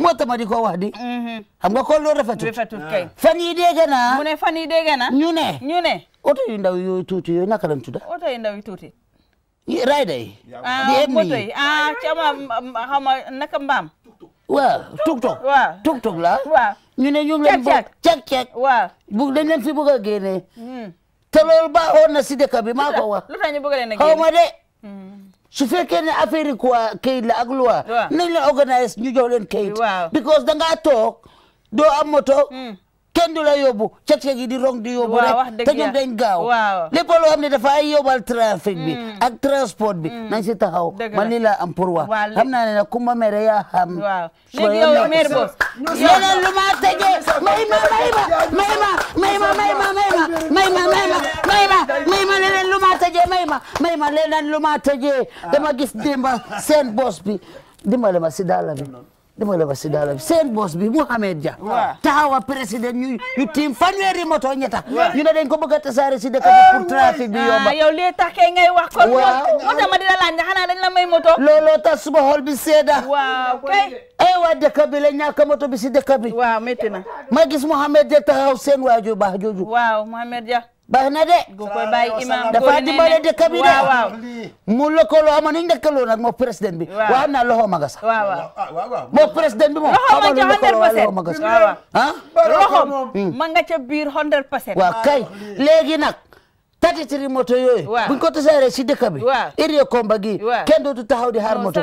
moo ma di ko wa di mhm. xam ga ko loolu rafetul rafetul kay ah. fan yi dégg naa mu ne fan yi dégg naa ñu ne ñu ne oto yu ndaw yooyu tuuti yooyu naka lañ tudda oto yu ndaw yu tuuti rayda yi ah, di em nii ah cama naka mbaam waaw tuktok la ñu ne ñu ngi leen bëgg cek cek waaw bu fi bëgg a génne hmm. te loolu ba woon na si dëkk bi maa ko wax a génne xaw de su fekkee ne affaire yi quoi kayit la ak loi nañ la organise ñu jox leen kayit because da ngaa toog doo am moto hmm. kenn du la yóbbu càq-càq yi di rong di yóbbu rek te ñoom dañ gaaw lépp loo xam ne dafa ay yóbbal trafic bi ak transport bi nañ si taxaw man li la am pour wax xam naa ne nag ku mere yaa xam léegi yow lu ma tëjee may may ma may ma may ma may ma may ma ma may ma may ma may lu ma tëjee may dama gis démba sen boss bi dimbale ma si daala bi dama la ba si daal seen boss bi Mouhamed Dia. waaw taxawa président ñu ñu tiim fanweeri moto ñetta. dañ ko bëgg a tasaare si dëkk bi ah, yow liy tax ngay wax. kon ma dina laaj xanaa may moto. looloo tax suba xol bi seeda. waaw kay. ay eh, waa dëkk bi la ñàkk moto bi si dëkk bi. waaw métti na. ma gis Mouhamed Dia taxaw seen waajur baax jooju. waaw Mouhamed Dia. baax na de dafa dimbale dëkk bi de mu lëkkaloo ama niñ lëkkaloo nag moo président bi waaw na loxo maga sax moo président bi moom xamal loxo maga sax ah loxo ma nga ca biir 100 pour cent waaw kay léegi nag tatitiri moto yooyu buñ ko tasaaree si dëkk bi area komba gi kenn dootu taxaw di xaar moto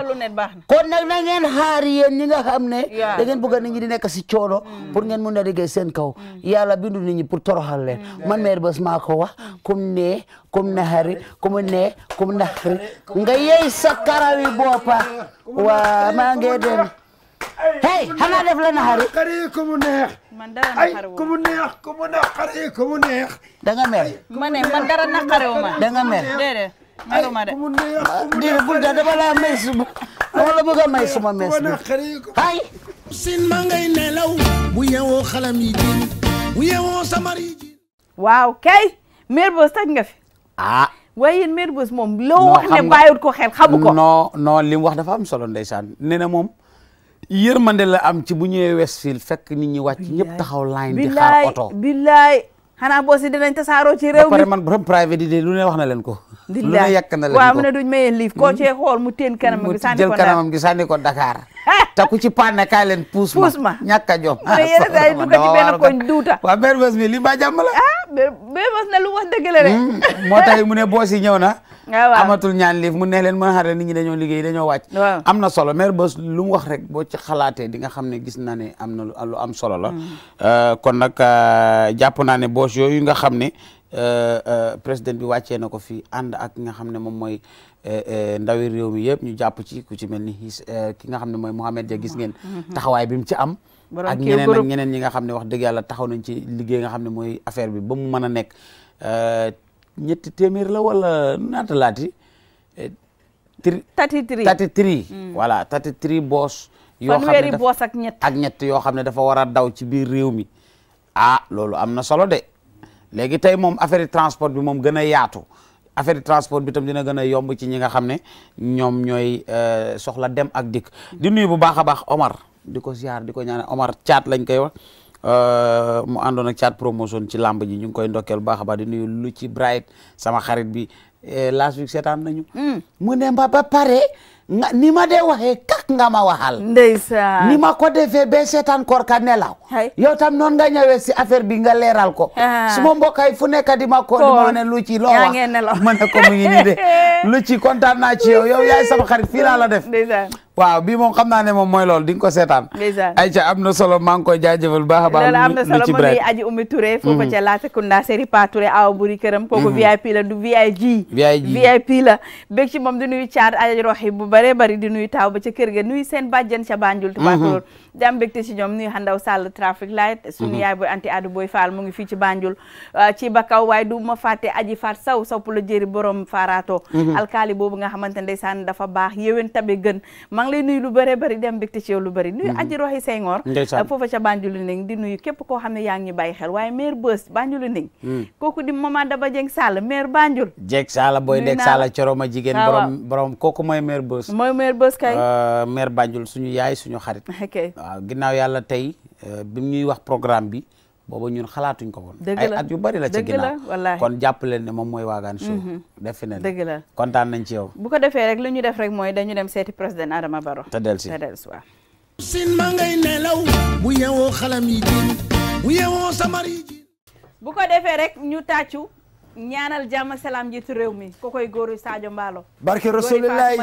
kon nag na ngeen xaar yéen ñi nga xam ne da ngeen bëgg nit ñi di nekk si coono mm. pour ngeen mun a liggéey seen kaw mm. yàlla bindu nit ñi pour toroxal leen mm. man meer bés maa ko wax kum nee kum naxari kum nee kum naxari nga yey sa karawi boppa waa maa ngi dem hey xanaa def la naxari man dara naqarewu ku mu neex ku mu naqare ku ma ne man dara naqarewu ma. mer déedéet. de. bul da dama laa may su suma mes bi ay. nelaw bu yeewoo xalam yi jiin bu waaw kay mère Boss toj nga fi. ah. waaye yéen mère moom. loo wax ne bàyyiwut ko xel ko. non non li mu wax dafa am solo ndeysaan nee na moom. yërmande la am ci bu ñëwee Westfield fekk nit ñi wàcc ñëpp taxaw line di xaar oto billaay xanaa boo si dinañ tasaaroo ci réew mi ba pare man borom wax na leen ko lu ne yàkk na leen ko waaw mu ne duñ hmm? mu teen gi sànni ko jël kanamam gi sànni ko Dakar te ku ci panne kaay leen puus ma puus ma ñàkk a jom mais yéen a du ci benn koñ duuta waaw mère Wes mi li mbaa jàmm la ah na lu wax dëgg rek hmm? moo tax mu ne boo si ñëw na Ah, amatul ñaan liif mu ne leen mën a xare liggéey dañoo wàcc am na solo mère Beuss lu mu wax rek boo ci xalaatee di nga xam ne gis naa ne am na lu am solo la hmm. euh, kon nag euh, jàpp naa ne boos yooyu nga xam ne euh, président bi wàccee na ko fi ànd ak nga xam ne moom mooy ndawi réew mi yëpp ñu jàpp ci ku ci mel ni ki nga xam ne mooy Mohamed Dia hmm. Hmm. taxawaay bi mu ci am ak ñeneen ñeneen ñi nga xam ne wax dëgg yàlla taxaw nañ ci liggéey nga xam ne mooy affaire bi ba mu mën a nekk ñetti téeméer la wala naata laati. Eh, tri tati tri tati tri. Mm. voilà tati tri yoo xam ne fanweeri boos ak ñett ak ñett yoo xam ne dafa war a daw ci biir réew mi. ah loolu am na solo de léegi tey moom affaire transport bi moom gën a yaatu affaire transport bi tam dina gën a yomb ci ñi nga xam ne ñoom ñooy euh, soxla dem ak dikk. di nuyu bu baax a baax Omar di ko ziar di ko ñaanal Omar caat lañ koy wax. Euh, mu àndoon ak chat promotion ci làmb ji ñu ngi koy ndokkeel bu baax a baax di lu ci bright sama xarit bi last week seetaan nañu. Hmm. mu ne ma ba pare nga ni ma dee waxee kak nga ma waxal. ndeysaan ni ma ko defee ba seetaan kor ka nelaw. yow tam noon nga ñëwee si affaire bi nga leeral ko. Ah. suma mbokk yi fu nekk di ma ko. di ne lu ci loo wax ma ne ko mu ngi de. lu ci kontaan naa ci yow yaay sama xarit fii laa la def. ndeysaan waaw bii moom xam naa ne moom mooy loolu di nga ko seetaan ayca am na solo maa ngi koy jaajëfal baax a baax loolu am na solo mu ngi aji Oumy Touré ko mm-hmm. ca Latrikunda séri pa Touré awa buri këram kooku mm-hmm. VIP la du VIG VIP la bég ci moom di nuyu caat aja roxi bu bëree bari di nuyu taaw ba ca kër ga nuyu seen bàjjen ca Banjul mm-hmm. tubaab di am mbégte ci ñoom nuyu xandaw sàll traffic light mhm. suñu yaay booy anti adu booy faal mu ngi fii ci Banjul uh, ci Bakaw waaye du ma fàtte aji far saw saw pula jéeri borom faaraato mhm. alkaali boobu nga xamante ndeysaan dafa baax yéwén tabe gën maa ngi lay nuyu lu bëree bari di am mbégte ci yow lu bëri nuyu mhm. aji roxi Senghor uh, foofa ca Banjul Nding di nuyu képp koo xam ne yaa ngi ñu bàyyi xel waaye maire bës Banjul Nding kooku di mama daba jeng sàll maire Banjul jeeg sàll booy deg sàll coroma jigéen borom borom kooku mooy maire bës mooy maire bës kay uh, maire Banjul suñu yaay suñu xarit waaw ginnaaw yàlla tey euh, bi ñuy wax programme bi boobu ñun xalaatuñ ko woon ay at yu bari la ci ginnaaw kon jàpp leen ne moom mooy waagaan show mhm. defe ne dëgg la kontaan nañ ci yow bu ko defee rek lu ñu def rek mooy dañu dem seeti président Adama Barrow te del si te del si waaw sin ma ngay nelaw bu yewoo xalam yi jiin bu yewoo samar yi jiin bu ko defee rek ñu tàccu ñaanal jàmm salaam jiitu réew mi ko koy góoru Sadio Mballo barke Rasulilaay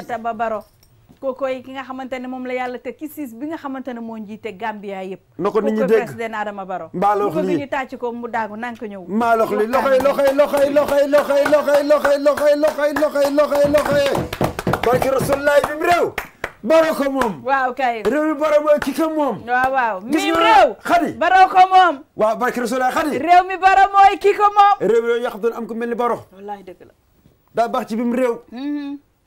kookooy ki nga xamante ne moom la yàlla teg ci bi nga xamante ne moo njiite Gambia yëpp na ko nit ñi dégg président Adama Barrow mbaalox li ñu tàcc ko mu daagu nank ñëw mbaalox li loxoy loxoy loxoy loxoy loxoy loxoy loxoy loxoy loxoy loxoy loxoy loxoy barki rasulullaay bi mu réew Barrow ko moom waaw kay réew mi Barrow mooy ki ko moom waaw mi réew xadi ki ko moom réew mi yooyu yàq doon am ko mel ni Barrow wallaay dëgg la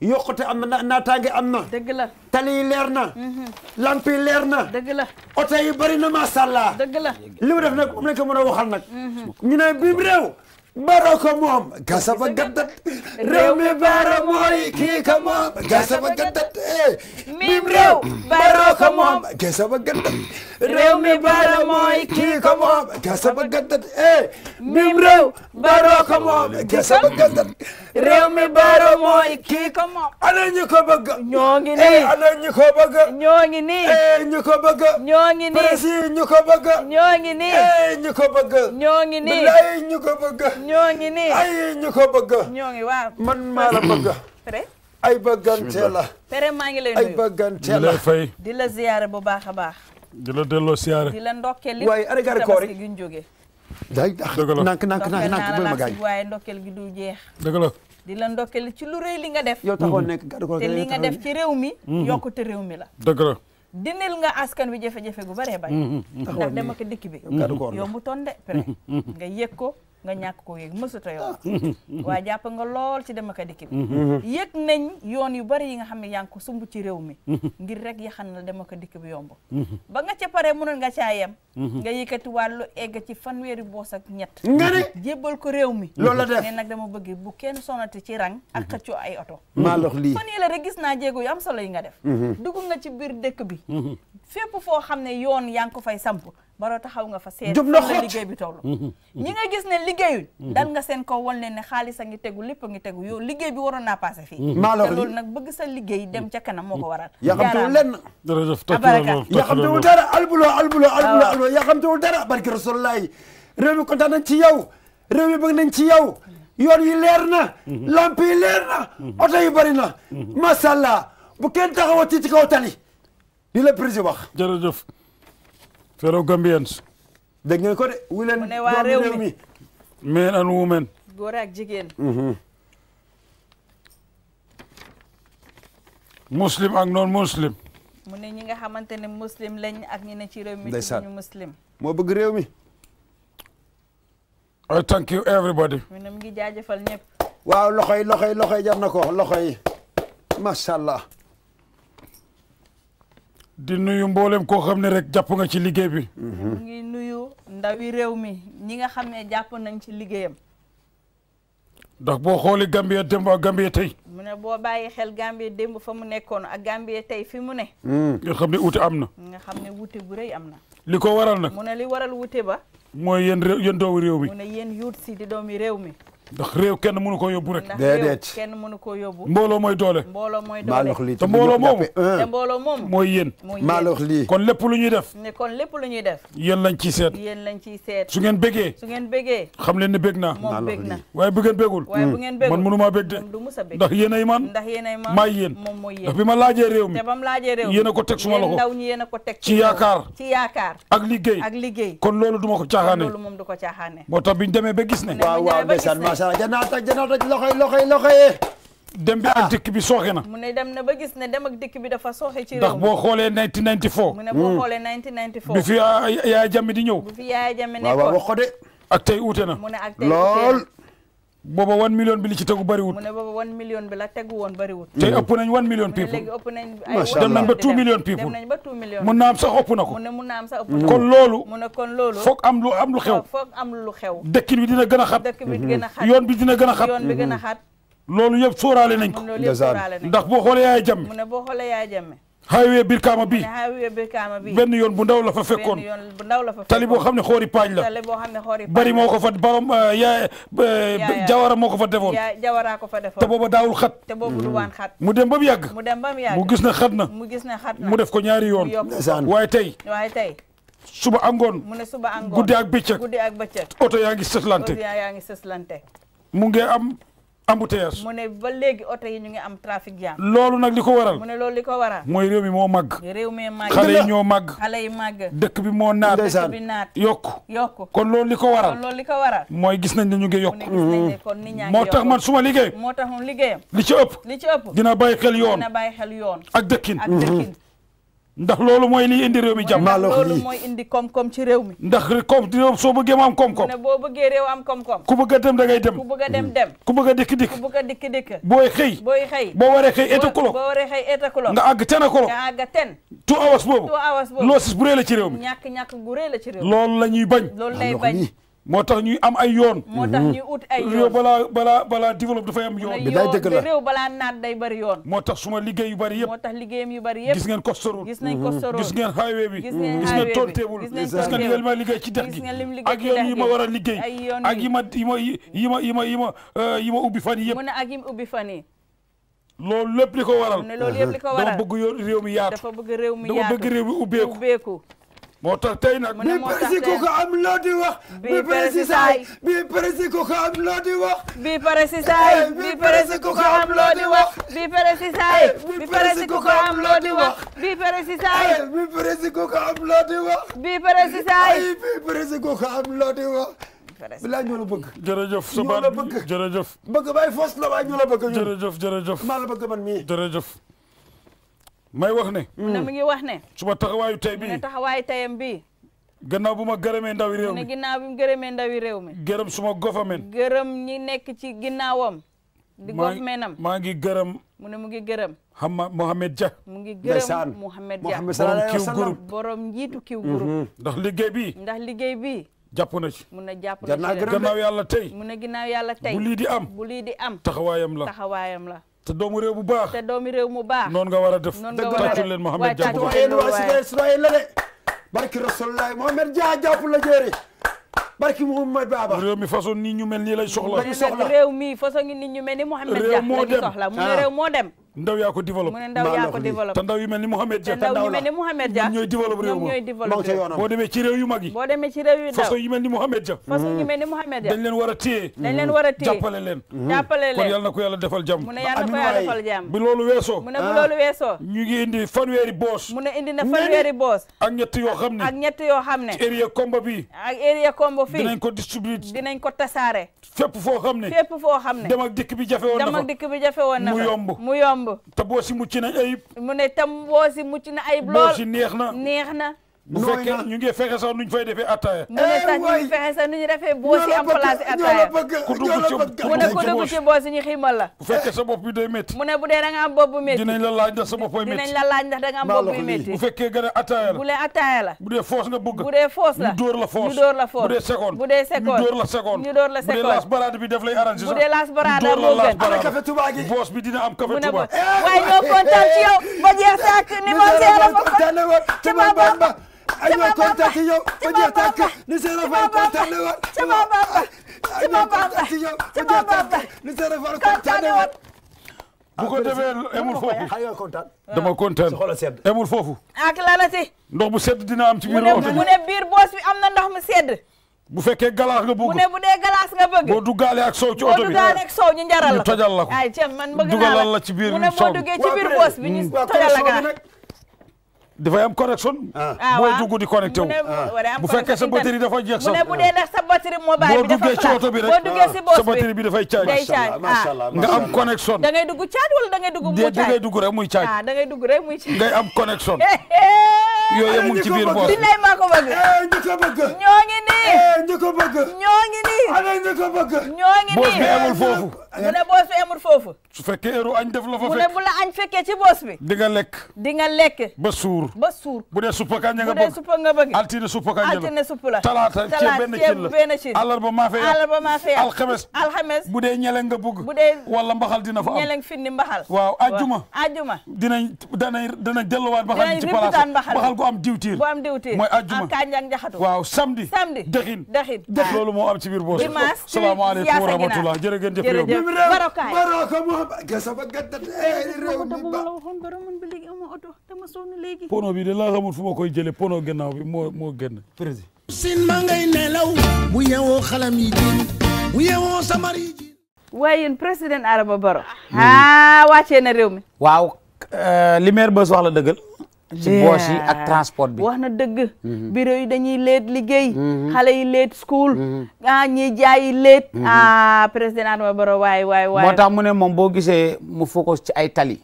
yokkute am na naataange am na. dëgg la tali yi leer na. Mhm. lamp yi leer na. dëgg la oto yi bari na macha allah. dëgg la li mu na nag moom lañ ko mën a waxal nag. Mhm. ñu ne biim réew. maro ko moom gasa ba gaddat réew mi baara mooy kii ko moom gasa ba gaddat eh mim réew baaro ko moom gasa ba gaddat réew mi baara mooy kii ko moom gasa ba gaddat eh mim réew baaro ko moom gasa ba gaddat réew mi baara mooy kii ko moom ana ñu ko bëgg ñoo ngi nii ana ñu ko bëgg ñoo ngi nii eh ñu ko bëgg ñoo ngi nii prési ñu ko bëgg ñoo ngi nii eh ñu ko bëgg ñoo ngi nii bilaay ñu ko bëgg ñoo ngi nii. ñu ko bëgg. ñoo waa man maa la bëgg. pere. ay bëggante la. pere maa ngi lay nuyu ay bëggante di la fay. ziyaare bu baax a baax. di la delloo ziyaare. di la ndokkeel li waaye ari gari koor gi ñu jógee. day tax ah, nank nank nank nank bul ma gaañ. waaye ndokkeel gi du jeex. dëgg la. di la ndokkeel ci lu rëy li nga def. yow taxoon nekk gàddu ko nga def ci réew mi. Mm-hmm. yokkute réew mi la. dëgg la. nga askan wi jafe-jafe gu bëree bëri. Mm-hmm. ndax dama ko dikk bi. yow mu ton de. Mm-hmm. nga yëg ko nga ñàkk koo yëg mësuta yoon ah. waa jàpp nga lool ci dem ak dikk bi mm-hmm. Mm-hmm. yëg nañ yoon yu bari yi nga xam ne yànk ngi ko sumb ci réew mi mm-hmm. ngir rek yaxan la dem ko dikk bi yomb ba nga ca pare mun nga caa yem nga yëkkati wàllu egg ci fan fanweeri boos ak ñett nga jébbal ko réew mi loolu la def ne nag dama bëgg bu kenn sonati ci ran ak xëccoo ay oto maa lox fan yi la rek gis naa jéego yi am solo yi nga def dugg nga ci biir dëkk bi fépp foo xam ne yoon yaa ngi ko fay samp baro taxaw nga fa seet la liggéey bi toll ñi gis ne liggéey mm-hmm. dal nga seen ko wal ne ne xaalis a ngi tegu lépp a ngi tegu yow liggéey bi waroon naa passé fii mm-hmm. te loolu nag bëgg sa liggéey dem ca kanam moo ko waral mm-hmm. yaxamtewul lenn abaraka yaxamtewul dara albulo albulo ah, albulo albulo yaxamtewul dara barke rasulullah réew mi kontaan nañ ci yow réew mi bëgg nañ ci yow yoon yi leer na lamp yi leer na oto yi bëri na bu kenn taxawati ci kaw tali li la président wax jërëjëf fellow Gambians. dégg ko de. wu ne doomu réew mi men and women. góor ak jigéen. Mhm. muslim ak non muslim. mu ne ñi nga xamante ne muslim lañ ak ñi ne ci réew mi. ndeysaan ñu muslim. moo bëgg réew mi. I thank you everybody. mu ne mu ngi jaajëfal ñëpp. waaw loxo yi loxo yi na ko loxo yi macha allah. di nuyu mboolem koo xam ne rek jàpp nga ci liggéey bi. mu mm-hmm. ngi nuyu ndawi réew mi ñi nga xam ne jàpp nañ ci liggéeyam. ndax boo xooli Gambie démb ak Gambie tey. mu ne boo bàyyi xel Gambie demb fa mu nekkoon a ak Gambie tey fi mu ne. Mm. nga xam ne wuute am na. nga xam ne wuute bu rëy am na. li ko waral nag. mu ne li waral wuute ba. mooy yéen réew doomi réew mi. mu ne yuut si di doomi réew mi. ndax réew kenn mënu ko yóbbu rek. ko yóbbu. mbooloo mooy doole. mbooloo mooy doole maalox lii te mbooloo moomu. te mooy yéen. maalox lii kon lépp lu ñuy def. ne kon lépp lu ñuy def. yéen lañ ciy seet. yéen lañ seet. su ngeen bégee. su ngeen bégee. xam leen ne bég naa. moom na waaye bu ngeen bégul. waaye bu ngeen bégul man mënu maa bég de. a bég ndax yéen ay man. ndax yéen ay moom mooy yéen ndax bi ma laajee réew mi. te ba mu laajee réew ko teg suma loxo. ndaw ñi ko teg ci yaakaar. ak liggéey. ak liggéey kon loolu du ma ko caaxaane. loolu moom du ko caaxaane. moo tax bi demee ba gis ne. macha allah janaata janaata loxoy loxoy loxoy dem bi ak ah. dikk bi sooxe na. mu ne dem na ba gis ne dem ak dikk bi dafa sooxe ci réew ndax boo xoolee 1994. mu ne boo xoolee 1994. du fi yaaya jàmm di ñëw. du fi yaaya jàmm nekkoon waaw waaw wax ko de. ak tey uute na. mu ne ak tey lool. booba one million bi li ci tegu bëriwut. mu ne la tegu woon tey ëpp nañ one million people. dem nañ ba two million people. dem two million mun naa am sax ëpp na ko. mun naa am sax ëpp na ko kon loolu. mun na kon loolu foog am lu am lu xew. foog am lu xew. dëkkin bi dina gën a xat. dëkk bi gën a xat yoon bi dina gën a xat. yoon bi gën a xat. loolu yëpp sóoraale nañ ko. ndax boo xoolee yaay jàmme. mu ne boo xoolee yaay jàmme. highway Birkama bii highway Birkama bii benn yoon bu ndaw la fa fekkoon tali boo xam ne xoori paañ la bari moo ko fa barom euh, yaa euh, jawara moo ko fa defoon jawara ko fa defoon te booba daawul xat te boobu waan xat mu dem ba mu yàgg mu dem ba mu yàgg gis na xat na mu gis na xat mu def ko ñaari yoon waaye tey waaye tey suba angoon mu ne suba angoon guddi ak bëccëg ak bëccëg oto yaa ngi sëslante oto yaa ngi sëslante mu ngi am embouteillage mu ne ba léegi oto yi ñu ngi am trafic jam loolu nag li ko waral mu ne loolu li ko waral mooy rew mi moo màgg réew mi màgg xale yi ñoo màgg dëkk bi moo naat dëkk bi naat yokku yokku kon loolu li ko waral loolu li ko waral mooy gis nañ ne ñu ngi yokku moo tax man suma liggéey moo tax moom liggéeyam li ci ëpp li ci ëpp dina bàyyi xel yoon dina bàyyi xel yoon ak dëkkin ak dëkkin ndax loolu mooy liy indi réew mi jàmm. ndax loolu mooy indi koom-koom ci réew mi. ndax koom réew soo bëggee mu am koom-koom. boo bëggee am koom-koom. ku bëgg a dem da ngay dem. ku bëgg a dem dem. ku bëgg a dikk dikk. ku bëgg a dikk dikk. booy xëy. booy xëy boo waree xëy étakulo. boo waree xëy nga àgg ten akulo. nga àgg ten. two hours boobu. two hours boobu loosis bu rëy la ci réew mi. ñàkk ñàkk bu rëy la ci réew mi. la ñuy bañ. loolu lay bañ. moo tax ñuy am ay yoon. moo tax ñuy ut ay yoon réew balaa balaa balaa développe dafay am yoon. moo tax suma liggéey yu bëri yëpp. moo tax liggéeyam yu bëri yëpp. gis ngeen coste route. gis nañ ngeen highway bi. gis ngeen highway table. gis ngeen ma liggéey ci dex ak yoon yi ma a liggéey. yi ak yi ma yi ma yi ma ak eh, yi ma ubbi fan lépp li ko waral. loolu lépp li ko waral dama bëgg réew mi yaatu. dafa bëgg rew mi yaatu dama bëgg réew mi moo tax tey nag bi prési ko ko am loo di wax bi prési saay bi prési ko ko am loo di wax bi prési saay bi prési ko ko am loo di wax bi prési saay bi prési ko ko am loo di wax bi prési saay bi prési ko ko am loo di wax bi prési saay bi prési ko ko am loo di wax bilaay ñoo la bëgg jërëjëf subaan ñoo la bëgg jërëjëf bëgg bay foos la waay ñoo la bëgg jërëjëf jërëjëf maa la bëgg man mii jërëjëf may wax ne. mu ne mi ngi wax ne. suma taxawaayu tey bii mu ne teyam bii. gannaaw bu ma gërëmee ndawi réew mi ne ginnaaw bi mu gërëmee réew mi. gërëm suma gofamen. gërëm ñi nekk ci ginnaawam. di gofmenam maa ngi gërëm. mu ne mu ngi gërëm. Hama Mohamed Dia. mu ngi gërëm Mohamed Dia borom kiw groupe borom njiitu kiw groupe. Mhm. ndax liggéey bii. ndax liggéey bii. jàpp na ci mun na jàpp na ci gannaaw yàlla tey. mun na ginnaaw yàlla tey bu lii di am bu lii di am. taxawaayam la. te doomu réew bu baax te doomu réew mu baax. noonu nga war a def tàccul leen Mohamed Dia. waaye tàccul leen waaye waaye waaye waaye waaye waaye waaye waaye waaye waaye barki Mouhamed Baba réew mi façon nit ñu mel nii lay soxla dañu soxla réew mi façon nit ñu mel ni Mouhamed Dia lañu soxla mu ne ah. réew moo dem ndaw yaa ko développé mu ne ndaw yaa ko développé te ndaw yu mel ni Mouhamed Dia te ndaw yu mel ni Mouhamed Dia ñooy développé réew ma boo demee ci réew yu mag yi boo demee ci réew yu ndaw façon yu mel ni Mouhamed Dia façon yu mm-hmm. mel ni Mouhamed Dia dañ leen war a téye dañ leen war a téye jàppale leen mm-hmm. jàppale leen kon yàlla na ko yàlla defal jàmm mu ne yàlla na ko yàlla defal jàmm bi loolu weesoo mu ne bu loolu weesoo ah. ñu ngi indi fanweeri boos mu ne indi na fanweeri boos ak ñett yoo xam ne ak ñett yoo xam ne ci area combo bi ak area combo fii dinañ ko distribuer dinañ ko tasaare fépp foo xam ne fépp foo xam ne dama ak dikk bi jafe woon na dem bi jafe woon na mu yomb mu yomb te boo si mucc na ayib mu ne tam boo si mucc na ayib lool boo si neex na neex na bu fekkee ñu ngi fexe sax nuñ fay defee attaaya. mu eh, ne sax ñu ngi fexe sax nu ñu defee boosi am place attaaya ku dugg ci mu ne ku dugg ci boosi ñu ximal la. bu fekkee sa bopp bi day métti. mu ne bu dee da nga am bopp bu métti. dinañ la laaj ndax sa bopp ay métti dinañ la laaj ndax da nga am bopp bu métti. bu fekkee gën a attaaya la bu dee attaaya la. bu dee foos nga bëgg. bu dee foos la ñu dóor la foos. ñu dóor la foos bu dee seconde. bu dee seconde ñu dóor la seconde. ñu dóor la seconde bu dee las barade bi daf lay arrangé sax. bu dee las barade moo gën am na café Touba gi boos bi dina am café Touba. waaye ñoo kontaan ci yow ba jeex sàkk ni eh, ma seera ba fa ci ba ba ay ñoo kontaan ci yow ba jeex tàkk ni Seera Fall kontaan na woon sama baba sama baba ci yow ba jeex tàkk ni Seera Fall kontaan na woon bu ko defee emul foofu dama kontaan emul foofu ak ah, lalati ndox bu sedd dina am ci biir oto mu ne biir boos bi am na ndox mu sedd bu fekkee galaas nga bëgg mu ne bu dee galaas nga bëgg boo duggaale ak soow ci oto bi boo duggaale ak soow ñu njaral la ñu tojal la ko ay ceeb man bëgg naa la ci biir mu ne boo duggee ci biir boos bi ñu tojal la dafay am connexion. ah, ah waaw boo dugg di connecté wu. bu fekkee sa batterie dafa jeex sax. mu ne bu bi dafa oto bi rek boo duggee si charge. Ah. nga am connexion. da ngay dugg charge wala da ngay dugg mu charge ah, da ngay dugg rek muy charge. da ngay dugg rek muy charge. ngay am connexion. yooyu yëpp mu ngi ci biir boos bi. dinañ maa ko bëgg. ñu ko bëgg. ñoo ngi nii. ñu ko bëgg. ñoo ngi nii. ana ngi nii boos bi foofu. su fekkee heure añ def fa fekk. mu ne bu la añ fekkee ci boos bi. di nga lekk. di nga lekk. ba suur. ba suur bu dee suppa kañ nga bëgg. altine suppa kañ la altine suppa la. talaata ceeb benn cin la benn cin. alarba maa fee. alarba maa fee alxames. alxames bu dee ñeleng nga bëgg. bu dee wala mbaxal dina fa am ñeleng finni mbaxal. waaw ajuma. ajuma dinañ danañ danañ delluwaat mbaxal ci place mbaxal gu am diwtiir. bu am diwtiir mooy ajuma ak kànja ak njaxatu. waaw samedi. samedi sama gàttal réew mi ba la waxoon dara man ba léegi amoo oto dama sonn léegi pono bi de laa xamul fu ma koy jëlee pono gannaaw bi moo moo génn président sin ma ngay nelaw bu yewoo xalam yi jiin bu yewoo samar yi jiin waaye yéen président Adama Barrow hmm. ah wàccee na mi waaw euh, li maire Bas wax la ci boos ak transport bi wax na dëgg mm-hmm. bureau yi dañuy leet liggéey mm-hmm. xale yi leet school mm-hmm. ah ñiy jaayi leet ah président Adama Barrow waay waay waay moo tax mu ne moom boo gisee mu focus ci ay tali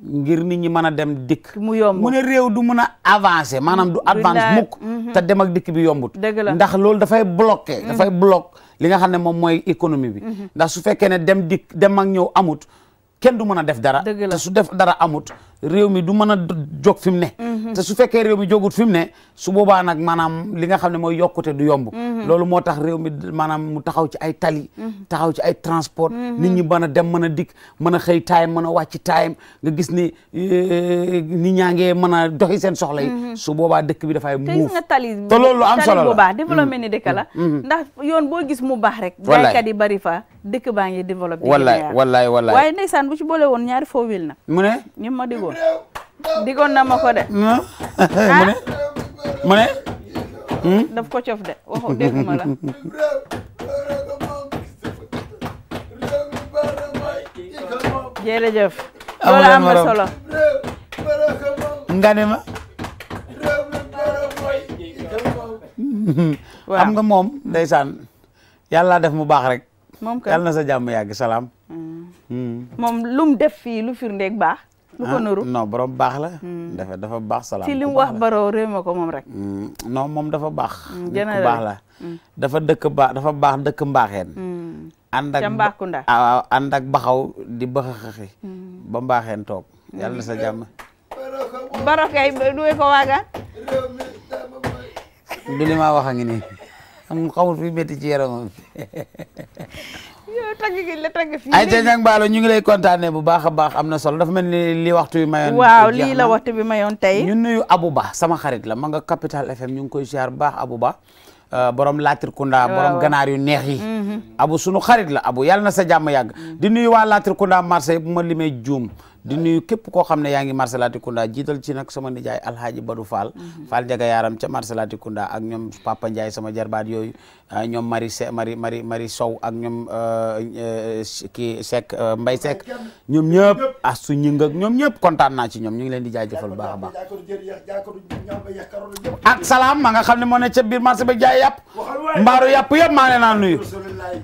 ngir nit ñi mën a dem dikk mu yomb mu ne réew du mun a avancer maanaam du advance mukk te dem ak dikk bi yombut ndax loolu dafay bloqué dafay bloqué li nga xam ne moom mooy économie bi ndax su fekkee ne dem dikk dem ak ñëw amut kenn du mën a def dara te su def dara amut réew mi du mën a jóg fi mu ne mhm. te su fekkee réew mi jógut fi mu ne su boobaa nag maanaam li nga xam ne mooy yokkute du yomb mhm. loolu moo tax réew mi maanaam mu taxaw ci ay tali mhm. taxaw ci ay transport ni ñi mën a dem mën a dikk mën a xëy taayam mën a wàcc taayam nga gis ni eh, nit ñaa ngee mën a doxi seen soxla yi su boobaa dëkk bi dafay muuf te loolu lu am solo la boobaa développé mm. ni dëkk la mm. Mm. ndax yoon boo gis mu baax rek jaaykat yi bari fa dëkk baa ngi développé wallaay wallaay wallaay waaye ndeysaan bu ci boole ne ko digoon na ma ko de. mu ne hmm? daf ko cof de waxu déggu ma la. jërëjëf. loolu am na solo. nga ne ma. xam nga moom ndeysaan yàlla def mu baax rek. moom yàlla na sa jàmm yàgg salaam. Hmm. Hmm. moom lu mu def fii lu firndeeg baax. lu ko ah, nuru baax la. Hmm. dafa dafa baax salaam ci wax Baro réew ko moom rek. Hmm, non moom dafa baax. Hmm, nit baax la. dafa dëkk baax dafa baax dëkk mbaaxeen. ànd ak Tambacounda ah, waaw ànd ak baxaw di baxaxaxi ba mbaaxeen toog yàlla na sa jàmm. Baro kay duwe ko waagaan. du li ma wax ngi nii. fi métti ci yaramam. yow tagg gi fii. ay tey nag Mballo ñu ngi lay kontaanee bu baax a baax am na solo dafa mel ni li waxtu bi ma waaw lii la waxtu bi mayoon tey. ñu nuyu Abouba sama xarit la ma nga Capital FM ñu ngi koy ziar bu baax Abouba. Euh, borom Latrikunda borom ganaar yu neex yi. Mm-hmm. abu sunu xarit la abu yàlla na sa jàmm yàgg. Mm-hmm. di nuyu waa Latrikunda marché bu ma limee juum. di nuyu képp koo xam ne yaa ngi marché kunda jiital ci nag sama nijaay Alhaji Badou faal Fall mhm. jaga yaaram ca marché kunda ak ñoom Papa Ndiaye sama jarbaat yooyu ah, ñoom mari Se Marie Marie Marie Sow ak ñoom kii ah, eh, eh, Seck eh, Mbay Seck ñoom ñëpp ah su ñëng ñoom ñëpp kontaan naa ci ñoom ñu ngi leen di jaajëfal baax a baax ak salaam ma nga xam ne moo ne ca biir marché ba jaay yàpp mbaaru maa naa nuyu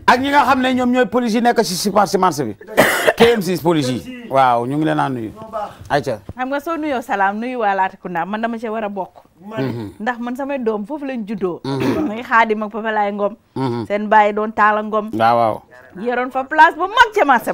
ak ñi nga xam ne ñoom ñooy police yi nekk si si bi KMC police yi ñu ngi ngi leen a nuyu. ayca xam nga soo nuyoo salaam nuyu waa Latrikunda man dama cee war a bokk. Mhm. Mhm. ndax man samay doom foofu lañ juddoo. Mhm. muy Xaadim ak Papa Laay Ngom. seen bàyyi doon Taala Ngom. waaw waaw. yoroon fa place bu mag ca marché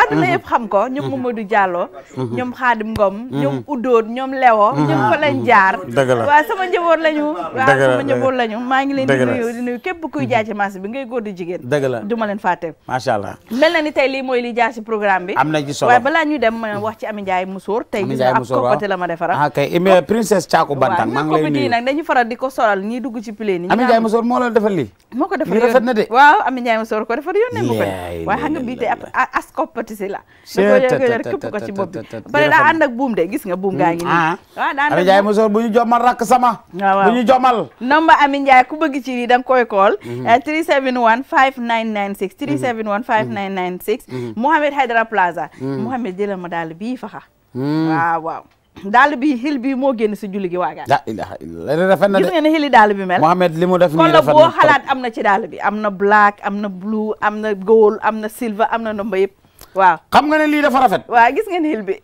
àdduna yëpp mhm. xam ko ñoom mhm. Mamadou Diallo mhm. ñoom Khadim Ngom ñoom Udoot ñoom Lewo ñoom fa lañ jaar waaw sama njaboot lañu waaw sama njaboot lañu maa ngi leen di nuyu di nuyu képp kuy jaay ci marché bi ngay góor di jigéen dëgg la du ma leen fàtte macha allah mel na ni tey lii mooy li jaar ci programme bi am na ci solo waaye balaa ñu dem wax ci Ami Ndiaye Moussor tey gis nga ab cocoté la ma defara ah kay mais princesse Thiakou Bantan maa ngi lay nuyu nag dañu faral di ko solal ñii dugg ci pilé ni Ami Ndiaye Moussor moo la defal lii moo ko defal lii rafet na de waaw Ami Ndiaye Moussor ko defal yónnee ma ko waaye xam nga bii tey ab as copp cotise la da këpp ko ci bopp bi bare daa ànd ak buum de gis nga buum gaa ngi nii ah. waaw daa Ami bu ñu jomal rakk sama bu ñu jomal number Ami Ndiaye ku bëgg ci lii da nga koy call 371 5996 371 5996 Mohamed Haydara Plaza mhm. Mohamed jëlal ma daal bii faxa mhm. waaw waaw daal bi xil bi moo génn si julli gi waagaan la ilaha illallah rafet na gis nga ne xili daal bi mel Mohamed li mu def nii rafet na kon la boo xalaat am na ci daal bi am na black am na blue am na gold am na silver am waaw xam nga ne lii dafa rafet. waa gis ngeen xil bi.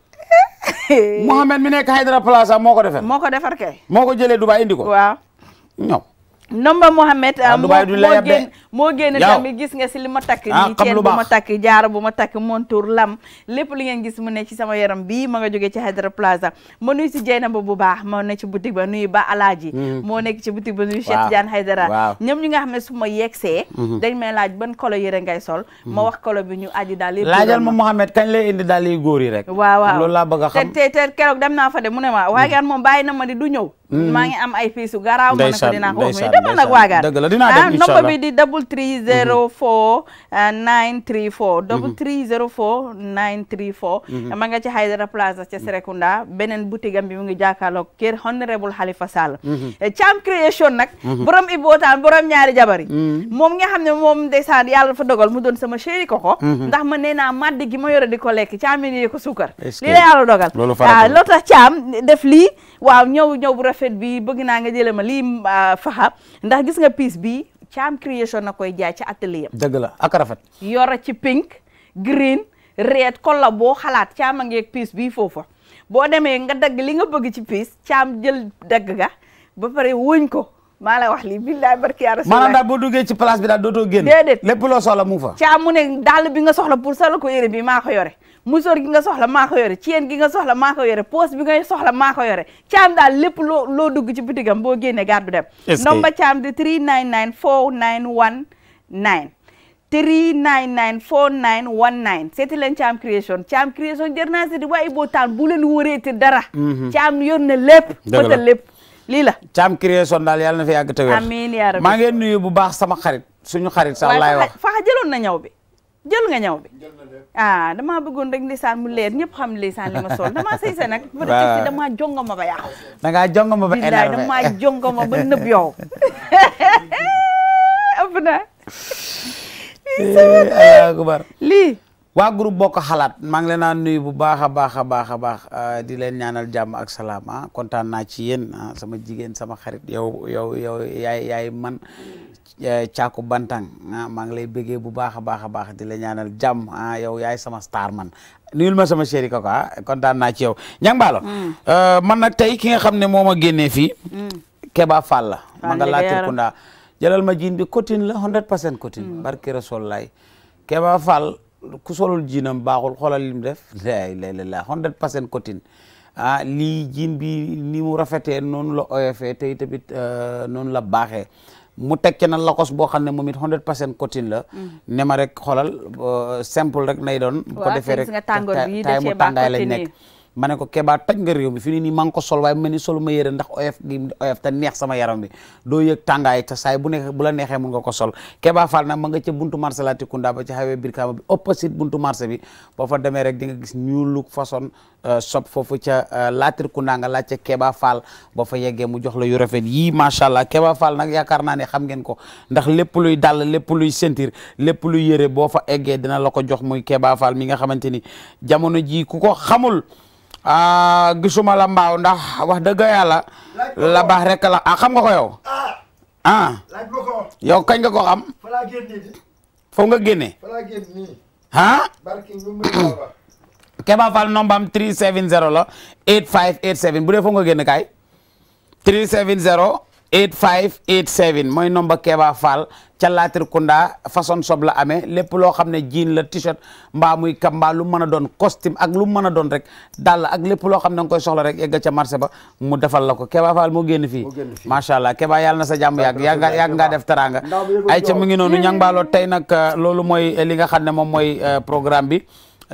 Mouhamed mi nekk dara Plaza moo ko defar. moo ko defar kay. moo ko jëlee Dubai indi ko. waaw ñoom. Nomba Mohamed ah, ah, moo génn moo génn tamit gis nga si li ma takk ah, nii ceen bu ma takk jaaro bu ma takk montour lam lépp li ngeen gis mu ne ci sama yaram bi ma nga jógee ci Hydra Plaza ma nuyu si Jeynaba bu baax ma ne ci boutique ba nuyu ba alaaji mm-hmm. moo nekk ci boutique ba nuyu Cheikh Tidiane Haydara ñoom ñi nga xam ne su ma yegsee mm-hmm. dañ may laaj ban kolo yere ngay sol mm-hmm. ma wax kolo bi ñu aji daal yëpp laajal ma Mohamed kañ lay indi daal yi góor yi rek waaw laa bëgg te keroog dem naa fa de mu ne ma waaye gaan moom bàyyi na ma di du ñëw Mm. maa ngi am ay piisu garaaw ma ne ko dinaa ko wax demal nag waagaan dëgg la dinaa dem ah, bi di mm-hmm. ah, mm-hmm. double three zero four nine three four double three zero four nga ci Haydara Plaza ca Serekunda beneen boutique am bi mu ngi jàkkaarloog kër honorable Halifa Sall mm-hmm. eh, Cham Creation nag borom ibootaan borom ñaari jabar yi moom nga xam ne moom ndeysaan yàlla dafa dogal mu doon sama chéri koko ndax ma nee naa maddi gi ma yore di ko lekk caam yi ko suukar lii la yàlla dogal waaw ah, loo tax def lii waaw ñëw ñëw bu rafet bi bëgg naa nga jëlee ma lii ah, faxa ndax gis nga pièce bi Cham Creation na koy jaay ci atelier am. dëgg la ak rafet. yora ci pink green red kola boo xalaat Cham a ngeeg pièce bii foofa boo demee nga dagg li nga bëgg ci pièce Cham jël dagg ga ba pare wëñ ko. maa la wax lii billaay barki yaa rasul maanaam daal boo duggee ci bi daal dootoo génn déedéet lépp loo soxla mu ngi dàll bi nga soxla pour solo ko yére bi maa ko yore musóor gi nga soxla maa ko yore ceen gi nga soxla maa ko yore poos bi nga soxla maa ko yore caam daal lépp loo loo dugg ci bitigam boo génnee gaat bi dem nomba caam di 399 4919 399 4919 seeti leen caam création caam création jër naa seeti waaye boo taan bu leen wóoreeti dara mhm. caam yor na lépp bëta lépp lii la caam création daal yàlla na fi yàgg te wér amiin yaa rabbi maa ngeen bu baax sama xarit suñu xarit sax laay wax faxa jëloon na ñaw bi jël nga ñaw bi ah damaa bëggoon rek ndeysaan mu leer ñëpp xam ndeysaan li ma sol damaa sëy sa nag bu jongoma ba dangaa jongoma ba énervé nëb yow ëpp na lii waa groupe xalaat maa ngi leen a nuyu bu baax a baax a baax a baax ah, di leen ñaanal jàmm ak salaam ah kontaan naa ci yéen ah, sama jigéen sama xarit yow yow yow man Eh, caaku bantang ah maa ngi lay bëggee bu baax a baax a baax di la ñaanal jàmm ah yow yaay sama star man nuyul ma sama chéri koko ah kontaan naa ci yow ñang baalo mm. eh, man nag tey ki nga xam ne moo ma génnee fii mm. Keba Fall la ma nga Latrikunda jëlal ma jiin bi cotine la hundred percent cotine mm. barke Rasul laay Keba Fall ku solul jiinam baaxul xoolal lim def lay lay la hundred percent cotine ah lii jiin bi ni mu rafetee noonu la oyofee te tamit eh, noonu la baaxee mu tekki na lakos boo xam ne moom it 100 percent cotine la. Mm. ne ma rek xoolal euh, simple rek nay doon. bu ko rek taay mu tàngaay lañ nekk. ma ne ko Keba toj nga réew mi fi ni nii maa ngi ko sol waaye mel ni solu ma yére ndax oyof gi neex sama yaram bi doo yëg tàngaay te saay bu nekk bu la neexee mun nga ko sol Keba Fall nag ma nga ca buntu marché la Tikunda ba ci xawee biir kaama bi opposite buntu marché bi boo fa demee rek di nga gis new look façon euh, shop foofu ca euh, Latrikunda nga laajte Keba Fall boo fa yeggee mu jox la yu rafet yii macha allah Keba nag yaakaar naa ne xam ngeen ko ndax lépp luy dàll lépp luy sentir lépp luy yëre boo fa eggee dina la ko jox muy Keba Fall mi nga xamante ni jamono ji ku ko xamul ah gisuma la mbaaw ndax wax dëgg yàlla. la baax rek la ah xam nga ko yow. yow kañ nga ko xam. foo nga génne. ah. Kéba Fall nomba am 370 la 8587 bu dee foo nga génne kaay. 370. 8587 mooy nomba Keba Fall ca Latrikunda façon sob la amee lépp loo xam ne jiin la t-shirt mbaa muy kam mbaa lu mën a doon costume ak lu mën a doon rek dàll ak lépp loo xam ne da nga koy soxla rek yegga ca marché ba mu defal la ko Keba moo génn fii macha allah Keba yàlla na sa jàmm yàgg yàgg yàgg ngaa def teraanga ay ca mu ngi noonu ñang tey nag euh, loolu mooy euh, li nga xam ne moom mooy euh, programme bi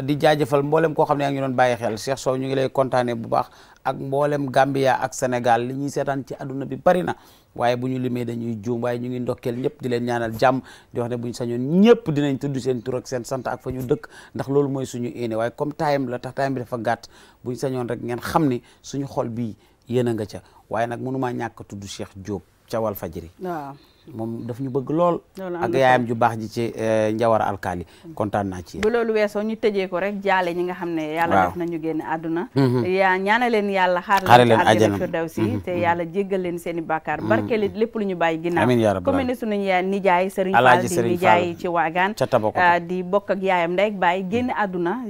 di jaajafal mboolem koo xam ne yaa ngi doon bàyyi xel Cheikh Sow ñu ngi lay kontaane bu baax ak mboolem Gambia ak Sénégal li ñuy seetaan ci àdduna bi bari na waaye bu ñu limee dañuy juum waaye ñu ngi ndokkeel ñëpp di leen ñaanal jàmm di wax ne bu ñu sañoon ñëpp dinañ tudd seen tur seen sant ak fa ñu dëkk ndax loolu mooy suñu yéene waaye comme time la tax time bi dafa gàtt bu ñu sañoon rek ngeen xam ni suñu xol bii yéen a nga ca waaye nag mënumaa ñàkk tuddu Cheikh Diop ca Walfajiri waaw moom daf ñu bëgg lool. ak yaayam ju baax ji ci eh, Njawara Alkaali mm-hmm. kontaan naa ci. bu loolu weesoo ñu tëjee ko rek jaale ñi nga xam ne. yàlla def ñu génn àdduna. Mm-hmm. yaa ñaana leen yàlla xaar leen àjjana firdawsi mm-hmm. te yàlla jéggal leen i bàkkaar. barke li lépp lu ñu bàyyi ginnaaw. amiin yaa rabbi commune suñu nijaay Serigne Fall di nijaay ci waagaan ah, di bokk ak yaayam ndey ak baay génn àdduna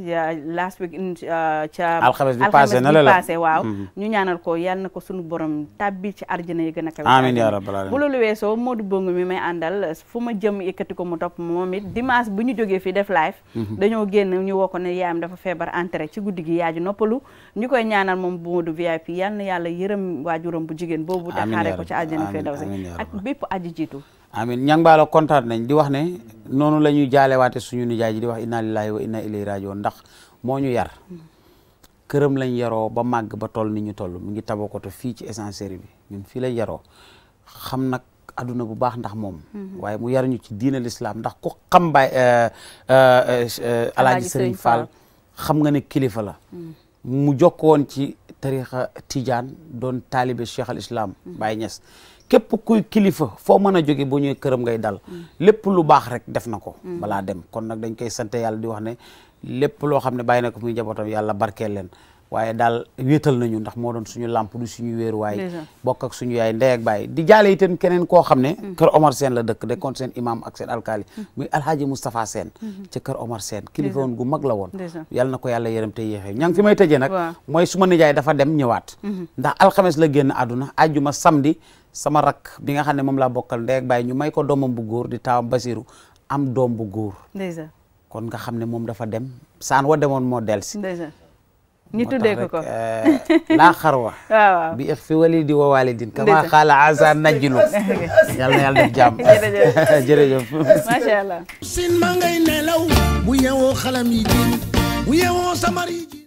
last week mm, ah, ca. alxames bi na la waaw. ñu ñaanal ko yàlla na ko sunu borom tàbbi ci àjjana yi gën a kaw. amiin yaa rabbi bongo mi may àndal fu ma jëm yëkkati ko mu topp moom it dimanche bu ñu jogee fii def live mhm. dañoo génn ñu woo ko ne yaayam dafa feebar entré ci guddi gi yaaju noppalu ñu koy ñaanal moom bu Modou VIP yal na yàlla yërëm waajuram bu jigéen boobu te xaare ko ci àjjana fee daw si ak bépp aji jiitu amin ñang baalo kontaan nañ di wax ne noonu la ñuy jaalewaate suñu nijaay ji di wax inna lillahi wa inna ilayhi rajiun ndax moo ñu yar mm. këram lañ yaroo ba màgg ba toll ni ñu toll mu ngi tabakatu fii ci Essence bi ñun fii la yaroo xam nag àdduna bu baax ndax moom mhm. waaye mu yaruñu ci diina lislaam ndax ku xam baay euh, euh, euh, alaaji sëriñ Fall xam nga ne kilifa la mhm. mu jokkoon ci tarixa tiijaan doon taalibe cheikh al islam mhm. Baye Niass képp kuy kilifa foo mën a jóge boo ñuy këram ngay dal lépp lu baax rek def na ko balaa dem kon nag dañ koy sant yàlla di wax ne lépp loo xam ne bàyyi na ko muy njabootam yàlla barkeel leen waaye daal wéetal nañu ndax moo doon suñu làmp du suñu wéeruwaay bokk ak suñu yaay ndey ak baay di jaale itam keneen koo xam ne mm. kër Omar Sène la dëkk de kon seen imam ak seen alkaali mm. muy alhaaji Moustapha Sène mm-hmm. ca kër Omar Sène kilifa woon gu mag la woon yàlla na ko yàlla yërëm te yéexee ña ngi fi may tëjee nag mooy suma nijaay dafa dem ñëwaat mm-hmm. ndax alxames la génn àdduna àjjuma samedi sama rak bi nga xam ne moom laa bokkal ndey ak baay ñu may ko doomam bu góor di taawam Basiru am doom bu góor kon nga xam ne moom dafa dem saan wa demoon moo delsi ñu tuddee ko euh, laa xarwa bi ex fi walidi wa walidin kama xaala asa najjilu yal na yàlla allah sin ma nelaw bu yewoo xalam yi ji bu yewoo samar yi ji